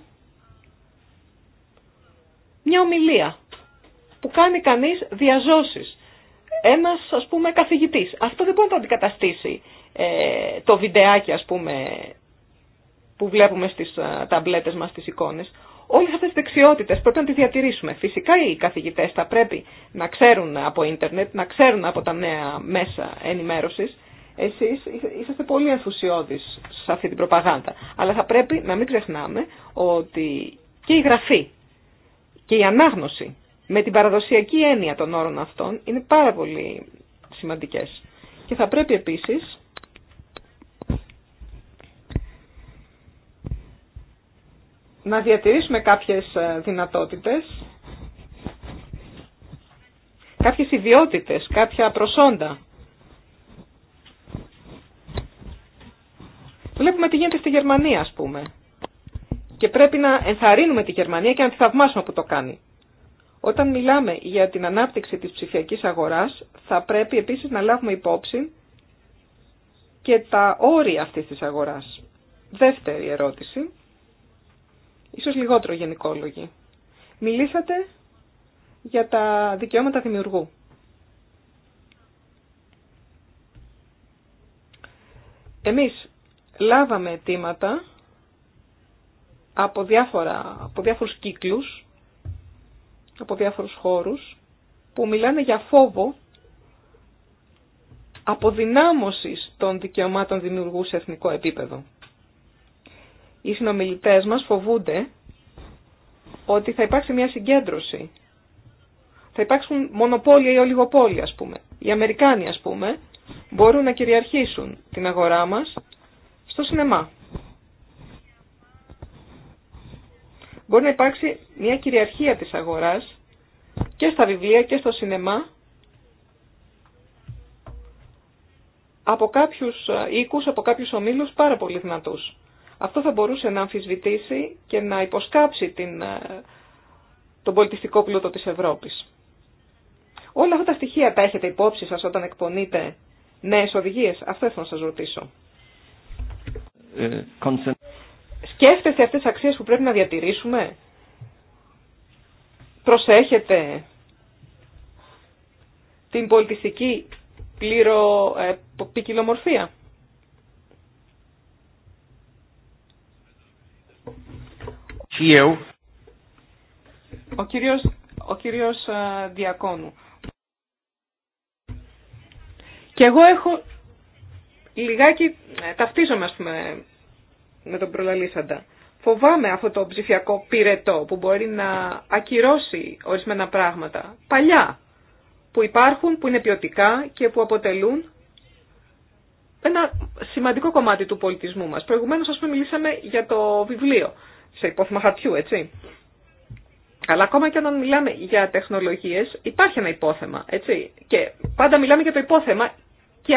μια ομιλία που κάνει κανείς διαζώσεις ένας ας πούμε καθηγητής. Αυτό δεν μπορεί να το αντικαταστήσει ε, το βιντεάκι ας πούμε που βλέπουμε στις ταμπλέτε ταμπλέτες μας, στις εικόνες. Όλες αυτές τις δεξιότητες πρέπει να τις διατηρήσουμε. Φυσικά οι καθηγητές θα πρέπει να ξέρουν από ίντερνετ, να ξέρουν από τα νέα μέσα ενημέρωσης. Εσείς είσαστε πολύ ενθουσιώδεις σε αυτή την προπαγάνδα. Αλλά θα πρέπει να μην ξεχνάμε ότι και η γραφή και η ανάγνωση με την παραδοσιακή έννοια των όρων αυτών είναι πάρα πολύ σημαντικές. Και θα πρέπει επίσης να διατηρήσουμε κάποιες ε, δυνατότητες, κάποιες ιδιότητες, κάποια προσόντα. Βλέπουμε τι γίνεται στη Γερμανία, ας πούμε. Και πρέπει να ενθαρρύνουμε τη Γερμανία και να τη θαυμάσουμε που το κάνει. Όταν μιλάμε για την ανάπτυξη της ψηφιακής αγοράς, θα πρέπει επίσης να λάβουμε υπόψη και τα όρια αυτής της αγοράς. Δεύτερη ερώτηση, ίσως λιγότερο γενικόλογη. Μιλήσατε για τα δικαιώματα δημιουργού. Εμείς λάβαμε αιτήματα από, διάφορα, από διάφορους κύκλους από διάφορους χώρους που μιλάνε για φόβο αποδυνάμωσης των δικαιωμάτων δημιουργού σε εθνικό επίπεδο. Οι συνομιλητές μας φοβούνται ότι θα υπάρξει μια συγκέντρωση. Θα υπάρξουν μονοπόλια ή ολιγοπόλια, ας πούμε. Οι Αμερικάνοι, ας πούμε, μπορούν να κυριαρχήσουν την αγορά μας στο σινεμά. μπορεί να υπάρξει μια κυριαρχία της αγοράς και στα βιβλία και στο σινεμά από κάποιους οίκους, από κάποιους ομίλους πάρα πολύ δυνατούς. Αυτό θα μπορούσε να αμφισβητήσει και να υποσκάψει την, ε, τον πολιτιστικό πλούτο της Ευρώπης. Όλα αυτά τα στοιχεία τα έχετε υπόψη σας όταν εκπονείτε νέες οδηγίες. Αυτό θα να σας ρωτήσω. Ε, Σκέφτεστε αυτές τις αξίες που πρέπει να διατηρήσουμε. Προσέχετε την πολιτιστική πλήρω ε, ποικιλομορφία. Ο κύριος, ο κύριος ε, Διακόνου. Και εγώ έχω λιγάκι, ε, ταυτίζομαι ας πούμε με τον προλαλήσαντα. Φοβάμαι αυτό το ψηφιακό πυρετό που μπορεί να ακυρώσει ορισμένα πράγματα παλιά που υπάρχουν, που είναι ποιοτικά και που αποτελούν ένα σημαντικό κομμάτι του πολιτισμού μας. Προηγουμένως, ας πούμε, μιλήσαμε για το βιβλίο, σε υπόθεμα χαρτιού, έτσι. Αλλά ακόμα και όταν μιλάμε για τεχνολογίες, υπάρχει ένα υπόθεμα, έτσι. Και πάντα μιλάμε για το υπόθεμα και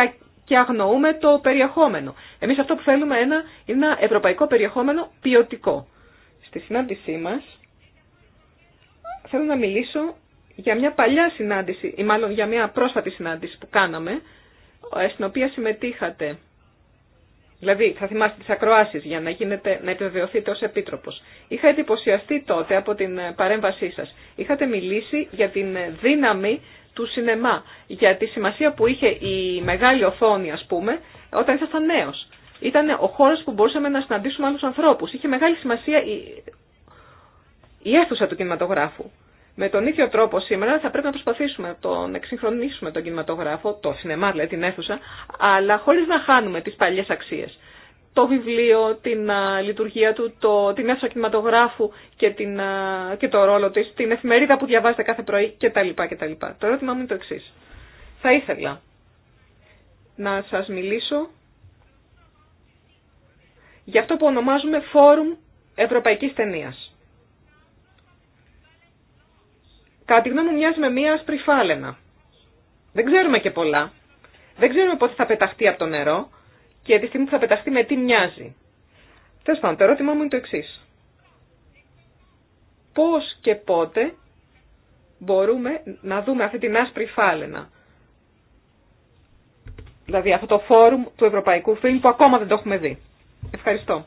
και αγνοούμε το περιεχόμενο. Εμείς αυτό που θέλουμε ένα, είναι ένα ευρωπαϊκό περιεχόμενο ποιοτικό. Στη συνάντησή μας θέλω να μιλήσω για μια παλιά συνάντηση ή μάλλον για μια πρόσφατη συνάντηση που κάναμε ε, στην οποία συμμετείχατε Δηλαδή, θα θυμάστε τι ακροασει για να, γίνετε, επιβεβαιωθείτε ω επίτροπο. Είχα εντυπωσιαστεί τότε από την ε, παρέμβασή σας. Είχατε μιλήσει για την ε, δύναμη του σινεμά, για τη σημασία που είχε η μεγάλη οθόνη, ας πούμε, όταν ήσασταν νέο. Ήταν ο χώρος που μπορούσαμε να συναντήσουμε άλλου ανθρώπου. Είχε μεγάλη σημασία η, η αίθουσα του κινηματογράφου. Με τον ίδιο τρόπο σήμερα θα πρέπει να προσπαθήσουμε να τον εξυγχρονίσουμε τον κινηματογράφο, το σινεμά δηλαδή την αίθουσα, αλλά χωρίς να χάνουμε τις παλιές αξίες. Το βιβλίο, την λειτουργία του, το, την αίθουσα κινηματογράφου και, την, και το ρόλο της, την εφημερίδα που διαβάζετε κάθε πρωί κτλ. κτλ. Το ερώτημά μου είναι το εξή. Θα ήθελα να σας μιλήσω για αυτό που ονομάζουμε Φόρουμ Ευρωπαϊκής Ταινίας. Κάτι τη γνώμη μου μοιάζει με μία άσπρη Δεν ξέρουμε και πολλά. Δεν ξέρουμε πότε θα πεταχτεί από το νερό και τη στιγμή που θα πεταχτεί με τι μοιάζει. Τέλο πάντων, το ερώτημά μου είναι το εξή. Πώ και πότε μπορούμε να δούμε αυτή την άσπρη φάλαινα. Δηλαδή αυτό το φόρουμ του Ευρωπαϊκού Φιλμ που ακόμα δεν το έχουμε δει. Ευχαριστώ.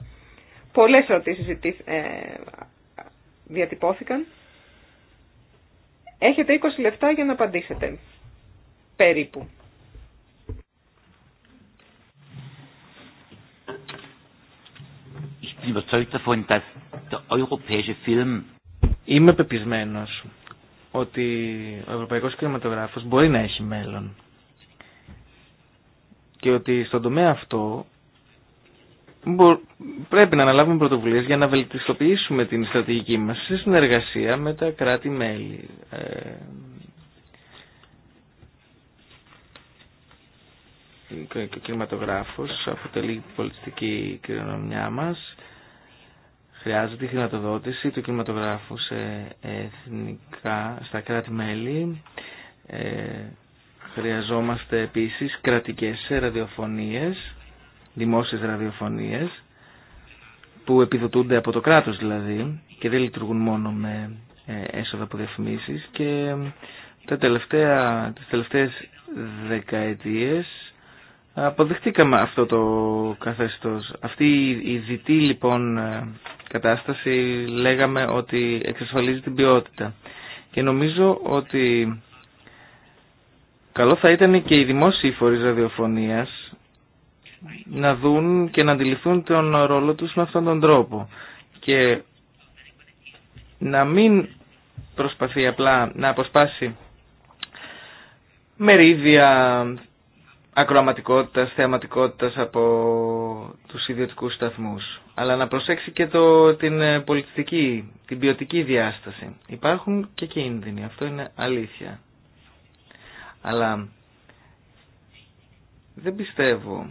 Πολλές ερωτήσεις ε, διατυπώθηκαν. Έχετε 20 λεπτά για να απαντήσετε. Περίπου. Είμαι πεπισμένος ότι ο ευρωπαϊκός κινηματογράφος μπορεί να έχει μέλλον και ότι στον τομέα αυτό πρέπει να αναλάβουμε πρωτοβουλίες για να βελτιστοποιήσουμε την στρατηγική μας σε συνεργασία με τα κράτη-μέλη. Ε, και ο κλιματογράφος αποτελεί πολιτιστική κληρονομιά μας. Χρειάζεται η χρηματοδότηση του κινηματογράφου σε εθνικά, στα κράτη-μέλη. Ε, χρειαζόμαστε επίσης κρατικές ραδιοφωνίες δημόσιες ραδιοφωνίες που επιδοτούνται από το κράτος δηλαδή και δεν λειτουργούν μόνο με ε, έσοδα από διαφημίσεις και ε, τα τελευταία, τις τελευταίες δεκαετίες αποδεχτήκαμε αυτό το καθεστώς. Αυτή η δυτή λοιπόν ε, κατάσταση λέγαμε ότι εξασφαλίζει την ποιότητα. Και νομίζω ότι καλό θα ήταν και οι δημόσιοι φορείς ραδιοφωνίας να δουν και να αντιληφθούν τον ρόλο τους με αυτόν τον τρόπο και να μην προσπαθεί απλά να αποσπάσει μερίδια ακροαματικότητας, θεαματικότητας από τους ιδιωτικούς σταθμούς. Αλλά να προσέξει και το, την ε, πολιτιστική, την ποιοτική διάσταση. Υπάρχουν και κίνδυνοι, αυτό είναι αλήθεια. Αλλά δεν πιστεύω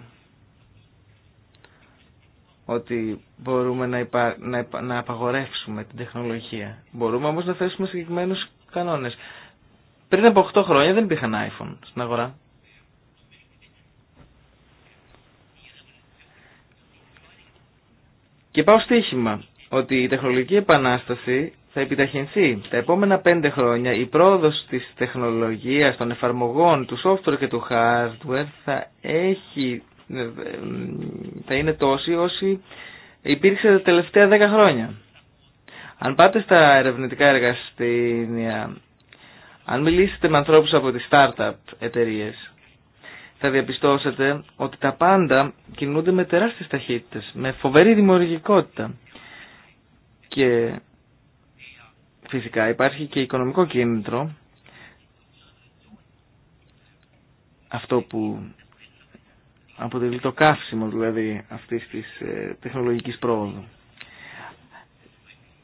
ότι μπορούμε να, υπα... να απαγορεύσουμε την τεχνολογία. Μπορούμε όμως να θέσουμε συγκεκριμένου κανόνες. Πριν από 8 χρόνια δεν υπήρχαν iPhone στην αγορά. Και πάω στοίχημα ότι η τεχνολογική επανάσταση θα επιταχυνθεί. Τα επόμενα πέντε χρόνια η πρόοδος της τεχνολογίας, των εφαρμογών, του software και του hardware θα έχει θα είναι τόσοι όσοι υπήρξε τα τελευταία 10 χρόνια. Αν πάτε στα ερευνητικά εργαστήρια, αν μιλήσετε με ανθρώπους από τις startup εταιρείες, θα διαπιστώσετε ότι τα πάντα κινούνται με τεράστιες ταχύτητες, με φοβερή δημιουργικότητα. Και φυσικά υπάρχει και οικονομικό κίνητρο, αυτό που αποτελεί το καύσιμο δηλαδή αυτής της ε, τεχνολογικής πρόοδου.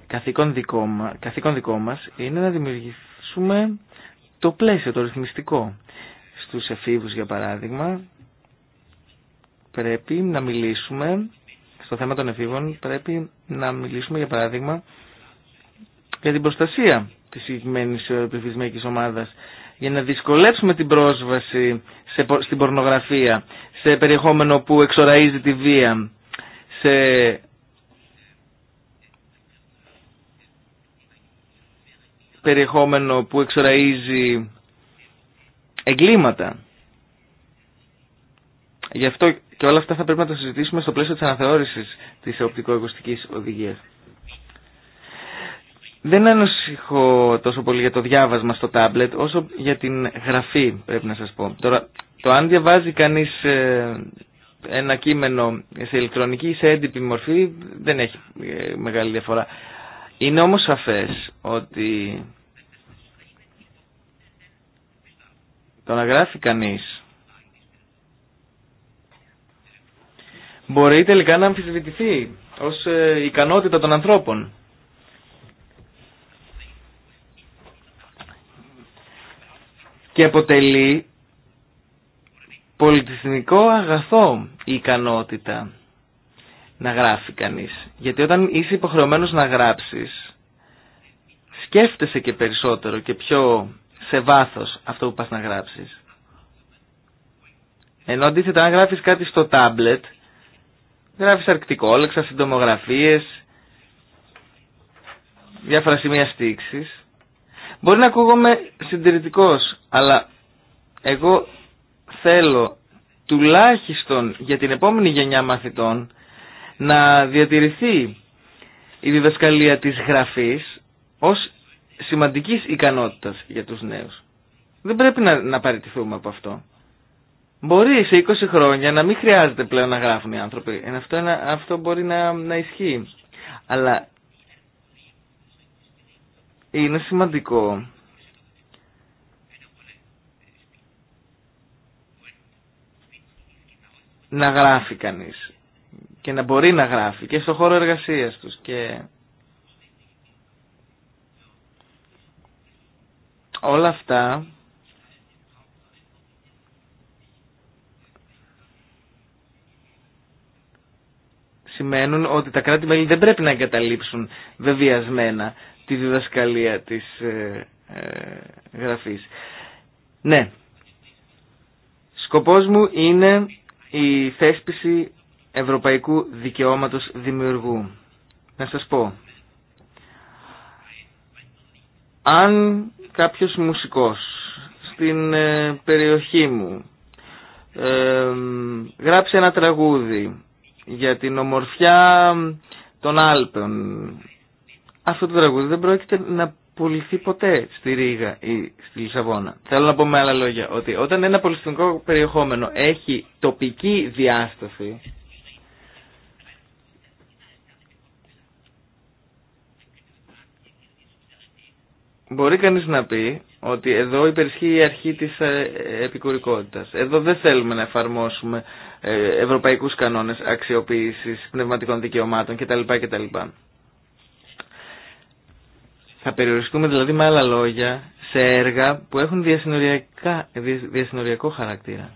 Καθήκον δικό, μας, καθήκον δικό μας είναι να δημιουργήσουμε το πλαίσιο, το ρυθμιστικό. Στους εφήβους για παράδειγμα πρέπει να μιλήσουμε, στο θέμα των εφήβων πρέπει να μιλήσουμε για παράδειγμα για την προστασία της συγκεκριμένη ε, πληθυσμιακής ομάδας για να δυσκολέψουμε την πρόσβαση στην πορνογραφία, σε περιεχόμενο που εξοραίζει τη βία, σε περιεχόμενο που εξοραίζει εγκλήματα. Γι' αυτό και όλα αυτά θα πρέπει να τα συζητήσουμε στο πλαίσιο της αναθεώρησης της οπτικοακουστικής οδηγίας. Δεν ανοσυχώ τόσο πολύ για το διάβασμα στο τάμπλετ, όσο για την γραφή πρέπει να σας πω. Τώρα, το αν διαβάζει κανείς ε, ένα κείμενο σε ηλεκτρονική ή σε έντυπη μορφή δεν έχει ε, μεγάλη διαφορά. Είναι όμως σαφές ότι το να γράφει κανείς μπορεί τελικά να αμφισβητηθεί ως ε, ικανότητα των ανθρώπων. Και αποτελεί πολιτισμικό αγαθό η ικανότητα να γράφει κανείς. Γιατί όταν είσαι υποχρεωμένος να γράψεις, σκέφτεσαι και περισσότερο και πιο σε βάθος αυτό που πας να γράψεις. Ενώ αντίθετα αν γράφεις κάτι στο τάμπλετ, γράφεις αρκτικόλεξα, συντομογραφίες, διάφορα σημεία στήξης. Μπορεί να ακούγομαι συντηρητικός, αλλά εγώ θέλω τουλάχιστον για την επόμενη γενιά μαθητών να διατηρηθεί η διδασκαλία της γραφής ως σημαντικής ικανότητας για τους νέους. Δεν πρέπει να, να παραιτηθούμε από αυτό. Μπορεί σε 20 χρόνια να μην χρειάζεται πλέον να γράφουν οι άνθρωποι. αυτό, ένα, αυτό μπορεί να, να ισχύει. Αλλά είναι σημαντικό να γράφει κανείς και να μπορεί να γράφει και στο χώρο εργασίας τους και όλα αυτά σημαίνουν ότι τα κράτη-μέλη δεν πρέπει να εγκαταλείψουν βεβαιασμένα τη διδασκαλία της ε, ε, γραφής. Ναι, σκοπός μου είναι η θέσπιση ευρωπαϊκού δικαιώματος δημιουργού. Να σας πω, αν κάποιος μουσικός στην ε, περιοχή μου ε, γράψει ένα τραγούδι για την ομορφιά των Άλπων, αυτό το τραγούδι δεν πρόκειται να πουληθεί ποτέ στη Ρήγα ή στη Λισαβόνα. Θέλω να πω με άλλα λόγια ότι όταν ένα πολιτιστικό περιεχόμενο έχει τοπική διάσταση μπορεί κανείς να πει ότι εδώ υπερισχύει η αρχή της ε, επικουρικότητας. Εδώ δεν θέλουμε να εφαρμόσουμε ε, ευρωπαϊκούς κανόνες αξιοποίησης πνευματικών δικαιωμάτων κτλ. κτλ. Θα περιοριστούμε δηλαδή με άλλα λόγια σε έργα που έχουν διασυνοριακό χαρακτήρα.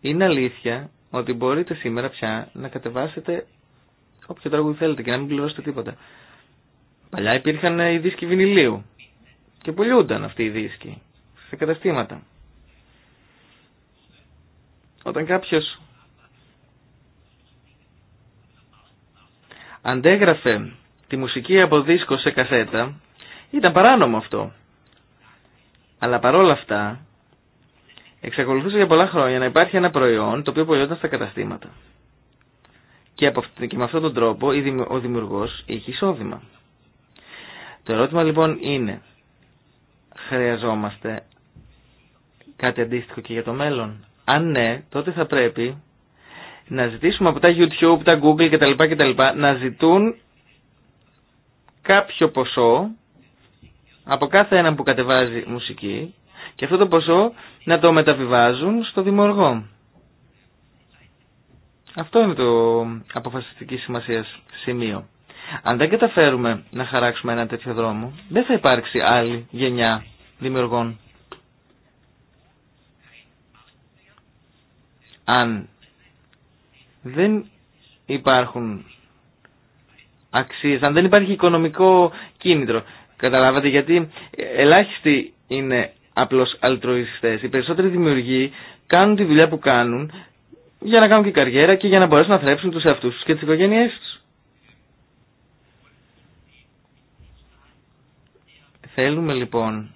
Είναι αλήθεια ότι μπορείτε σήμερα πια να κατεβάσετε όποιο τραγούδι θέλετε και να μην πληρώσετε τίποτα. Παλιά υπήρχαν οι δίσκοι βινιλίου και πουλιούνταν αυτοί οι δίσκοι σε καταστήματα. Όταν κάποιος αντέγραφε τη μουσική από δίσκο σε κασέτα, ήταν παράνομο αυτό. Αλλά παρόλα αυτά, εξακολουθούσε για πολλά χρόνια να υπάρχει ένα προϊόν το οποίο πολιόταν στα καταστήματα. Και, από, και με αυτόν τον τρόπο ο δημιουργός είχε εισόδημα. Το ερώτημα λοιπόν είναι, χρειαζόμαστε κάτι αντίστοιχο και για το μέλλον. Αν ναι, τότε θα πρέπει να ζητήσουμε από τα YouTube, τα Google κτλ. κτλ να ζητούν κάποιο ποσό από κάθε έναν που κατεβάζει μουσική και αυτό το ποσό να το μεταβιβάζουν στο δημιουργό. Αυτό είναι το αποφασιστική σημασία σημείο. Αν δεν καταφέρουμε να χαράξουμε ένα τέτοιο δρόμο, δεν θα υπάρξει άλλη γενιά δημιουργών. Αν δεν υπάρχουν αξίες, αν δεν υπάρχει οικονομικό κίνητρο. Καταλάβατε γιατί ελάχιστοι είναι απλώς αλτροιστές. Οι περισσότεροι δημιουργοί κάνουν τη δουλειά που κάνουν για να κάνουν και καριέρα και για να μπορέσουν να θρέψουν τους εαυτούς τους και τις οικογένειές τους. Θέλουμε λοιπόν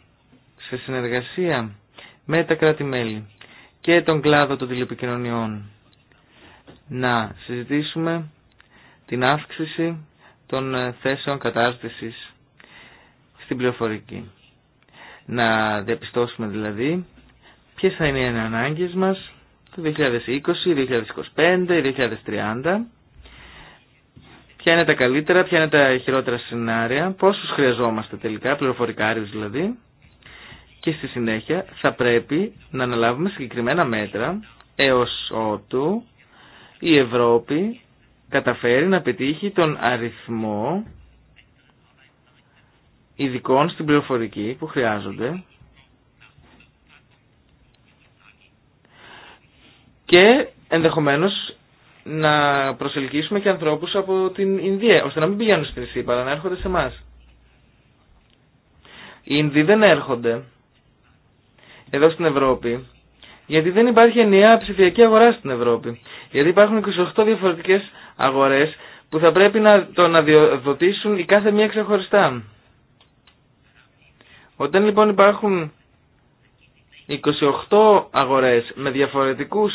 σε συνεργασία με τα κράτη-μέλη και τον κλάδο των τηλεπικοινωνιών να συζητήσουμε την αύξηση των ε, θέσεων κατάρτισης στην πληροφορική. Να διαπιστώσουμε δηλαδή ποιες θα είναι οι ανάγκες μας το 2020, 2025, 2030. Ποια είναι τα καλύτερα, ποια είναι τα χειρότερα σενάρια, πόσους χρειαζόμαστε τελικά, πληροφορικάριους δηλαδή. Και στη συνέχεια θα πρέπει να αναλάβουμε συγκεκριμένα μέτρα έως ότου η Ευρώπη καταφέρει να πετύχει τον αριθμό ειδικών στην πληροφορική που χρειάζονται και ενδεχομένως να προσελκύσουμε και ανθρώπους από την Ινδία, ώστε να μην πηγαίνουν στην ΣΥΠΑ, αλλά να έρχονται σε μας Οι Ινδοί δεν έρχονται εδώ στην Ευρώπη γιατί δεν υπάρχει ενιαία ψηφιακή αγορά στην Ευρώπη. Γιατί υπάρχουν 28 διαφορετικές αγορές που θα πρέπει να το αναδιοδοτήσουν η κάθε μία ξεχωριστά. Όταν λοιπόν υπάρχουν 28 αγορές με διαφορετικούς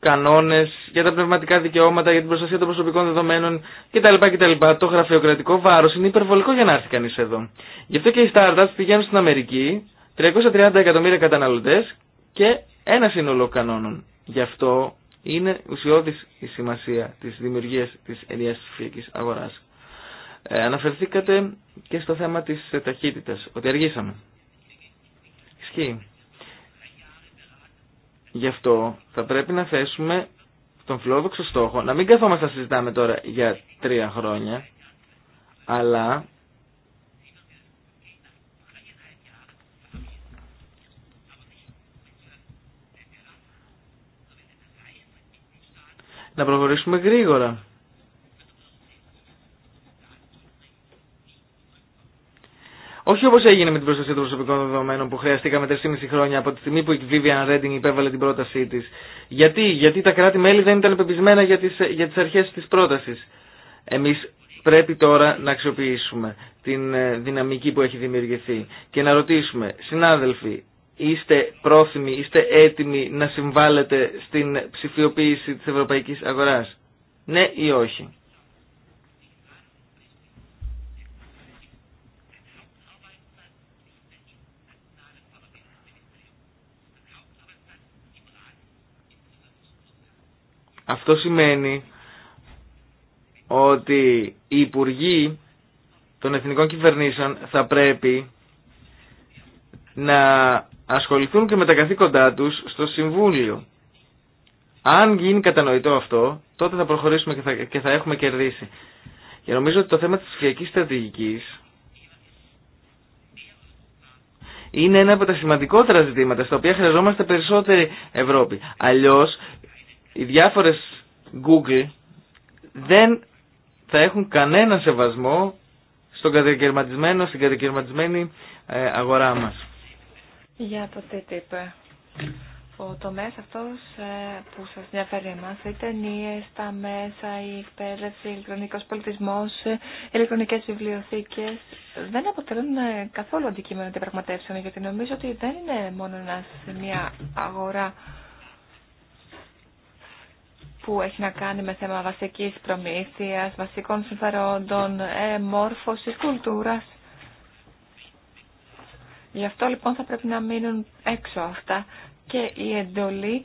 κανόνες για τα πνευματικά δικαιώματα, για την προστασία των προσωπικών δεδομένων κτλ. κτλ. Το γραφειοκρατικό βάρος είναι υπερβολικό για να έρθει κανείς εδώ. Γι' αυτό και οι startups πηγαίνουν στην Αμερική 330 εκατομμύρια καταναλωτές και ένα σύνολο κανόνων. Γι' αυτό είναι ουσιώδης η σημασία της δημιουργίας της ενιαίας ψηφιακής αγοράς. Ε, αναφερθήκατε και στο θέμα της ε, ταχύτητας, ότι αργήσαμε. Ισχύει. Γι' αυτό θα πρέπει να θέσουμε τον φιλόδοξο στόχο, να μην καθόμαστε να συζητάμε τώρα για τρία χρόνια, αλλά να προχωρήσουμε γρήγορα. Όχι όπω έγινε με την προστασία των προσωπικών δεδομένων που χρειαστήκαμε 3,5 χρόνια από τη στιγμή που η Vivian Redding υπέβαλε την πρότασή τη. Γιατί? Γιατί τα κράτη-μέλη δεν ήταν πεπισμένα για τι τις αρχέ τη πρόταση. Εμεί πρέπει τώρα να αξιοποιήσουμε την ε, δυναμική που έχει δημιουργηθεί και να ρωτήσουμε, συνάδελφοι, είστε πρόθυμοι, είστε έτοιμοι να συμβάλλετε στην ψηφιοποίηση της ευρωπαϊκής αγοράς. Ναι ή όχι. Αυτό σημαίνει ότι οι υπουργοί των εθνικών κυβερνήσεων θα πρέπει να ασχοληθούν και με τα καθήκοντά τους στο Συμβούλιο. Αν γίνει κατανοητό αυτό, τότε θα προχωρήσουμε και θα, θα έχουμε κερδίσει. Και νομίζω ότι το θέμα της ψηφιακής στρατηγικής είναι ένα από τα σημαντικότερα ζητήματα στα οποία χρειαζόμαστε περισσότερη Ευρώπη. Αλλιώς οι διάφορες Google δεν θα έχουν κανένα σεβασμό στον κατακαιρματισμένο, στην κατακαιρματισμένη ε, αγορά μας. Για το TTIP. Ο τομέας αυτός ε, που σας ενδιαφέρει εμάς, οι ταινίε, τα μέσα, η εκπαίδευση, ο ηλεκτρονικός πολιτισμός, οι ε, ηλεκτρονικές βιβλιοθήκες, δεν αποτελούν ε, καθόλου αντικείμενο διαπραγματεύσεων, γιατί νομίζω ότι δεν είναι μόνο μια αγορά που έχει να κάνει με θέμα βασικής προμήθειας, βασικών συμφερόντων, μόρφωσης, κουλτούρας. Γι' αυτό λοιπόν θα πρέπει να μείνουν έξω αυτά και η εντολή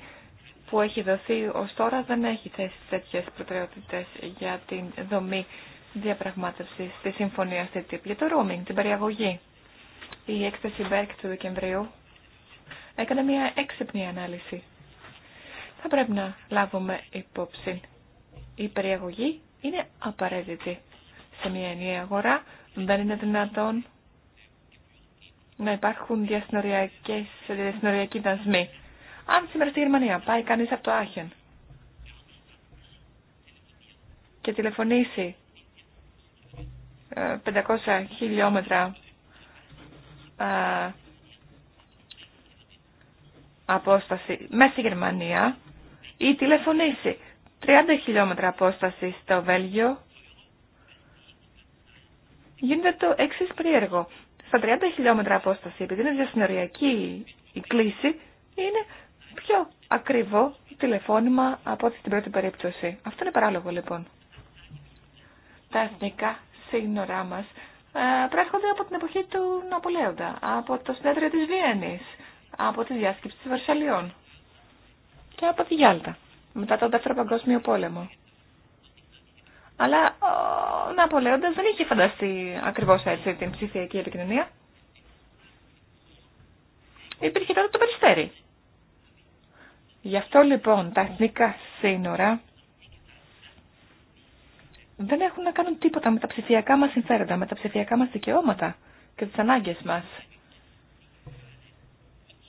που έχει δοθεί ω τώρα δεν έχει θέσει τέτοιε προτεραιότητε για την δομή διαπραγμάτευση της συμφωνία TTIP για το roaming, την περιαγωγή. Η έκθεση Berg του Δεκεμβρίου έκανε μια έξυπνη ανάλυση. Θα πρέπει να λάβουμε υπόψη. Η περιαγωγή είναι απαραίτητη. Σε μια ενιαία αγορά δεν είναι δυνατόν να υπάρχουν διασυνοριακοί δασμοί. Αν σήμερα στη Γερμανία πάει κανείς από το Άχεν και τηλεφωνήσει 500 ε, χιλιόμετρα ε, απόσταση μέσα στη Γερμανία ή τηλεφωνήσει 30 χιλιόμετρα απόσταση στο Βέλγιο, γίνεται το εξή περίεργο στα 30 χιλιόμετρα απόσταση, επειδή είναι διασυνοριακή η κλίση, είναι πιο ακριβό τηλεφώνημα από ό,τι στην πρώτη περίπτωση. Αυτό είναι παράλογο λοιπόν. Τα εθνικά σύνορά μας ε, προέρχονται από την εποχή του Ναπολέοντα, από το συνέδριο τη Βιέννης, από τη διάσκεψη τη Βαρσαλιών και από τη Γιάλτα, μετά τον Δεύτερο Παγκόσμιο Πόλεμο. Αλλά ο Ναπολέοντας δεν είχε φανταστεί ακριβώς έτσι την ψηφιακή επικοινωνία. Υπήρχε τότε το περιστέρι. Γι' αυτό λοιπόν τα εθνικά σύνορα δεν έχουν να κάνουν τίποτα με τα ψηφιακά μας συμφέροντα, με τα ψηφιακά μας δικαιώματα και τις ανάγκες μας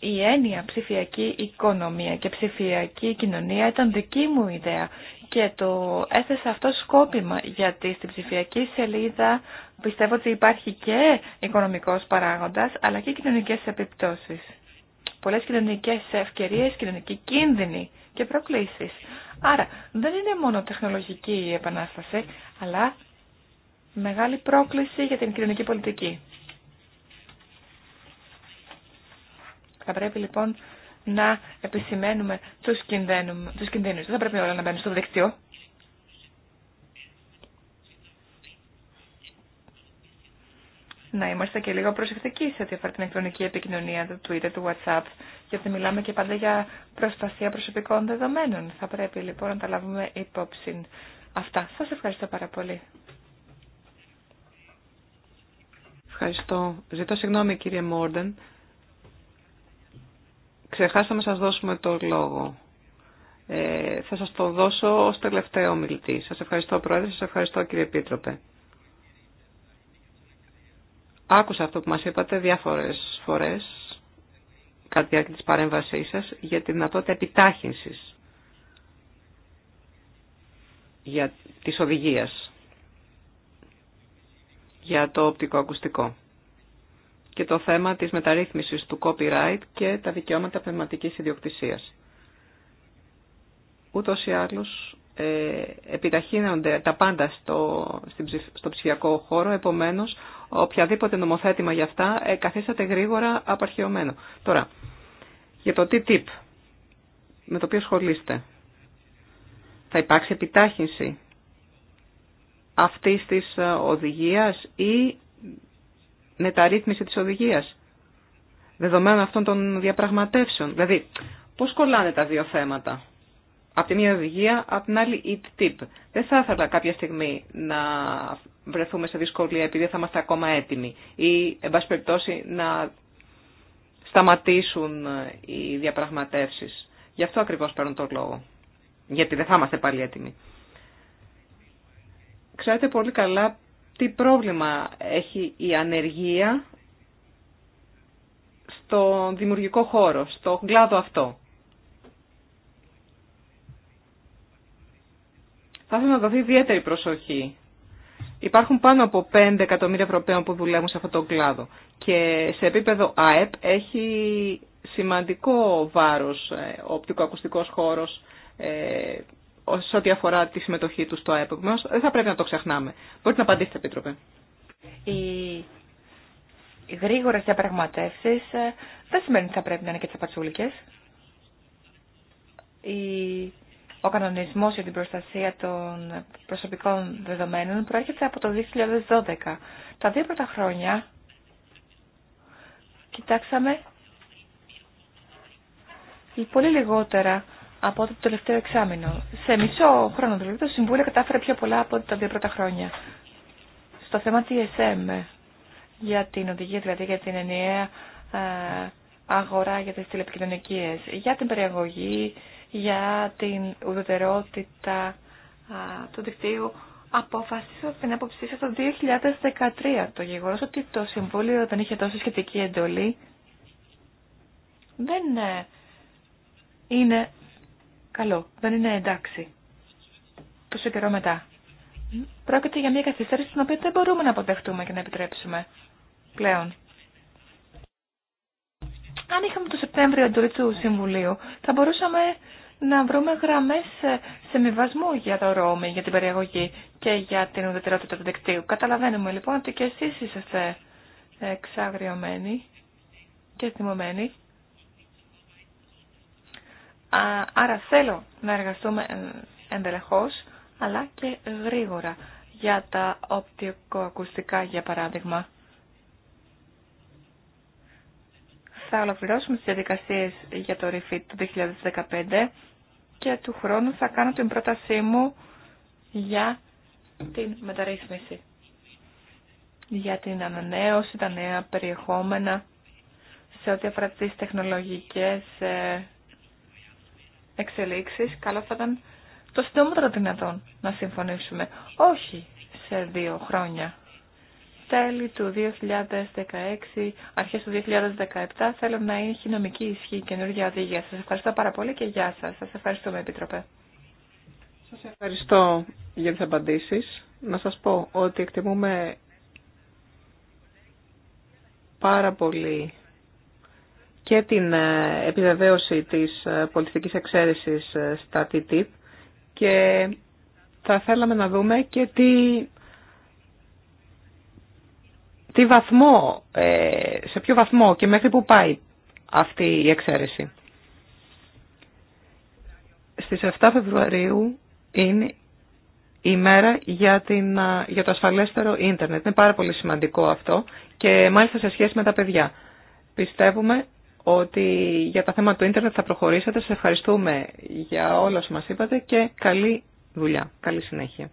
η έννοια ψηφιακή οικονομία και ψηφιακή κοινωνία ήταν δική μου ιδέα και το έθεσα αυτό σκόπιμα γιατί στην ψηφιακή σελίδα πιστεύω ότι υπάρχει και οικονομικός παράγοντας αλλά και κοινωνικές επιπτώσεις. Πολλές κοινωνικές ευκαιρίες, κοινωνική κίνδυνοι και προκλήσεις. Άρα δεν είναι μόνο τεχνολογική η επανάσταση αλλά μεγάλη πρόκληση για την κοινωνική πολιτική. Θα πρέπει λοιπόν να επισημαίνουμε τους, τους κινδύνους. Δεν θα πρέπει όλα να μπαίνουν στο δίκτυο. Να είμαστε και λίγο προσεκτικοί σε ό,τι αφορά την ηλεκτρονική επικοινωνία του Twitter, του WhatsApp, γιατί μιλάμε και πάντα για προστασία προσωπικών δεδομένων. Θα πρέπει λοιπόν να τα λάβουμε υπόψη. Αυτά. Σας ευχαριστώ πάρα πολύ. Ευχαριστώ. Ζητώ συγγνώμη κύριε Μόρντεν ξεχάσαμε να σας δώσουμε το λόγο. Ε, θα σας το δώσω ως τελευταίο ομιλητή. Σας ευχαριστώ Πρόεδρε, σας ευχαριστώ κύριε Επίτροπε. Άκουσα αυτό που μας είπατε διάφορες φορές κατά τη διάρκεια της παρέμβασής σας για τη δυνατότητα επιτάχυνσης για της οδηγίας για το οπτικό ακουστικό και το θέμα της μεταρρύθμισης του copyright και τα δικαιώματα πνευματικής ιδιοκτησίας. Ούτως ή άλλως ε, επιταχύνονται τα πάντα στο, στο ψηφιακό χώρο, επομένως οποιαδήποτε νομοθέτημα για αυτά ε, καθίσατε γρήγορα απαρχαιωμένο. Τώρα, για το TTIP με το οποίο σχολείστε, θα υπάρξει επιτάχυνση αυτής της ε, οδηγίας ή μεταρρύθμιση της οδηγίας, δεδομένων αυτών των διαπραγματεύσεων. Δηλαδή, πώς κολλάνε τα δύο θέματα. Από τη μία οδηγία, από την άλλη η Δεν θα ήθελα κάποια στιγμή να βρεθούμε σε δυσκολία επειδή θα είμαστε ακόμα έτοιμοι ή, εν πάση περιπτώσει, να σταματήσουν ε, οι διαπραγματεύσεις. Γι' αυτό ακριβώς παίρνω τον λόγο. Γιατί δεν θα είμαστε πάλι έτοιμοι. Ξέρετε πολύ καλά τι πρόβλημα έχει η ανεργία στον δημιουργικό χώρο, στον κλάδο αυτό. Θα ήθελα να δοθεί ιδιαίτερη προσοχή. Υπάρχουν πάνω από 5 εκατομμύρια Ευρωπαίων που δουλεύουν σε αυτόν τον κλάδο και σε επίπεδο ΑΕΠ έχει σημαντικό βάρος ο ε, οπτικοακουστικός χώρος ε, σε ό,τι αφορά τη συμμετοχή του στο ΑΕΠ. Δεν θα πρέπει να το ξεχνάμε. Μπορείτε να απαντήσετε, Επίτροπε. Οι γρήγορε διαπραγματεύσει ε, δεν σημαίνει ότι θα πρέπει να είναι και τσαπατσούλικε. Ο κανονισμός για την προστασία των προσωπικών δεδομένων προέρχεται από το 2012. Τα δύο πρώτα χρόνια κοιτάξαμε πολύ λιγότερα από το τελευταίο εξάμεινο. Σε μισό χρόνο δηλαδή το Συμβούλιο κατάφερε πιο πολλά από τα δύο πρώτα χρόνια. Στο θέμα TSM, για την οδηγία δηλαδή για την ενιαία ε, αγορά για τις τηλεπικοινωνικίες, για την περιαγωγή, για την ουδετερότητα του δικτύου, αποφασίσω την άποψή σας το 2013. Το γεγονός ότι το Συμβούλιο δεν είχε τόσο σχετική εντολή δεν ε, είναι Καλό. Δεν είναι εντάξει. Τόσο καιρό μετά. Πρόκειται για μια καθυστέρηση την οποία δεν μπορούμε να αποδεχτούμε και να επιτρέψουμε πλέον. Αν είχαμε το Σεπτέμβριο εντολή του Συμβουλίου, θα μπορούσαμε να βρούμε γραμμέ σεμιβασμού για το ρόμι, για την περιεγωγή και για την ουδετερότητα του δικτύου. Καταλαβαίνουμε λοιπόν ότι και εσεί είσαστε εξαγριωμένοι και θυμωμένοι. Άρα θέλω να εργαστούμε εντελεχώς, αλλά και γρήγορα για τα οπτικοακουστικά, για παράδειγμα. Θα ολοκληρώσουμε τις διαδικασίες για το ReFit του 2015 και του χρόνου θα κάνω την πρότασή μου για την μεταρρύθμιση, για την ανανέωση, τα νέα περιεχόμενα σε ό,τι αφορά τις τεχνολογικές ε, εξελίξεις, καλό θα ήταν το συντομότερο δυνατόν να συμφωνήσουμε. Όχι σε δύο χρόνια. Τέλη του 2016, αρχές του 2017 θέλω να έχει νομική ισχύ καινούργια οδηγία. Σας ευχαριστώ πάρα πολύ και γεια σας. Σας ευχαριστούμε, Επίτροπε. Σας ευχαριστώ για τις απαντήσεις. Να σας πω ότι εκτιμούμε πάρα πολύ και την ε, επιβεβαίωση της ε, πολιτικής εξαίρεσης ε, στα TTIP και θα θέλαμε να δούμε και τι, τι βαθμό, σε ποιο βαθμό και μέχρι που πάει αυτή η εξαίρεση. Στις 7 Φεβρουαρίου είναι η μέρα για, την, για το ασφαλέστερο ίντερνετ. Είναι πάρα πολύ σημαντικό αυτό και μάλιστα σε σχέση με τα παιδιά. Πιστεύουμε ότι για τα θέματα του ίντερνετ θα προχωρήσετε. Σε ευχαριστούμε για όλα όσα μας είπατε και καλή δουλειά, καλή συνέχεια.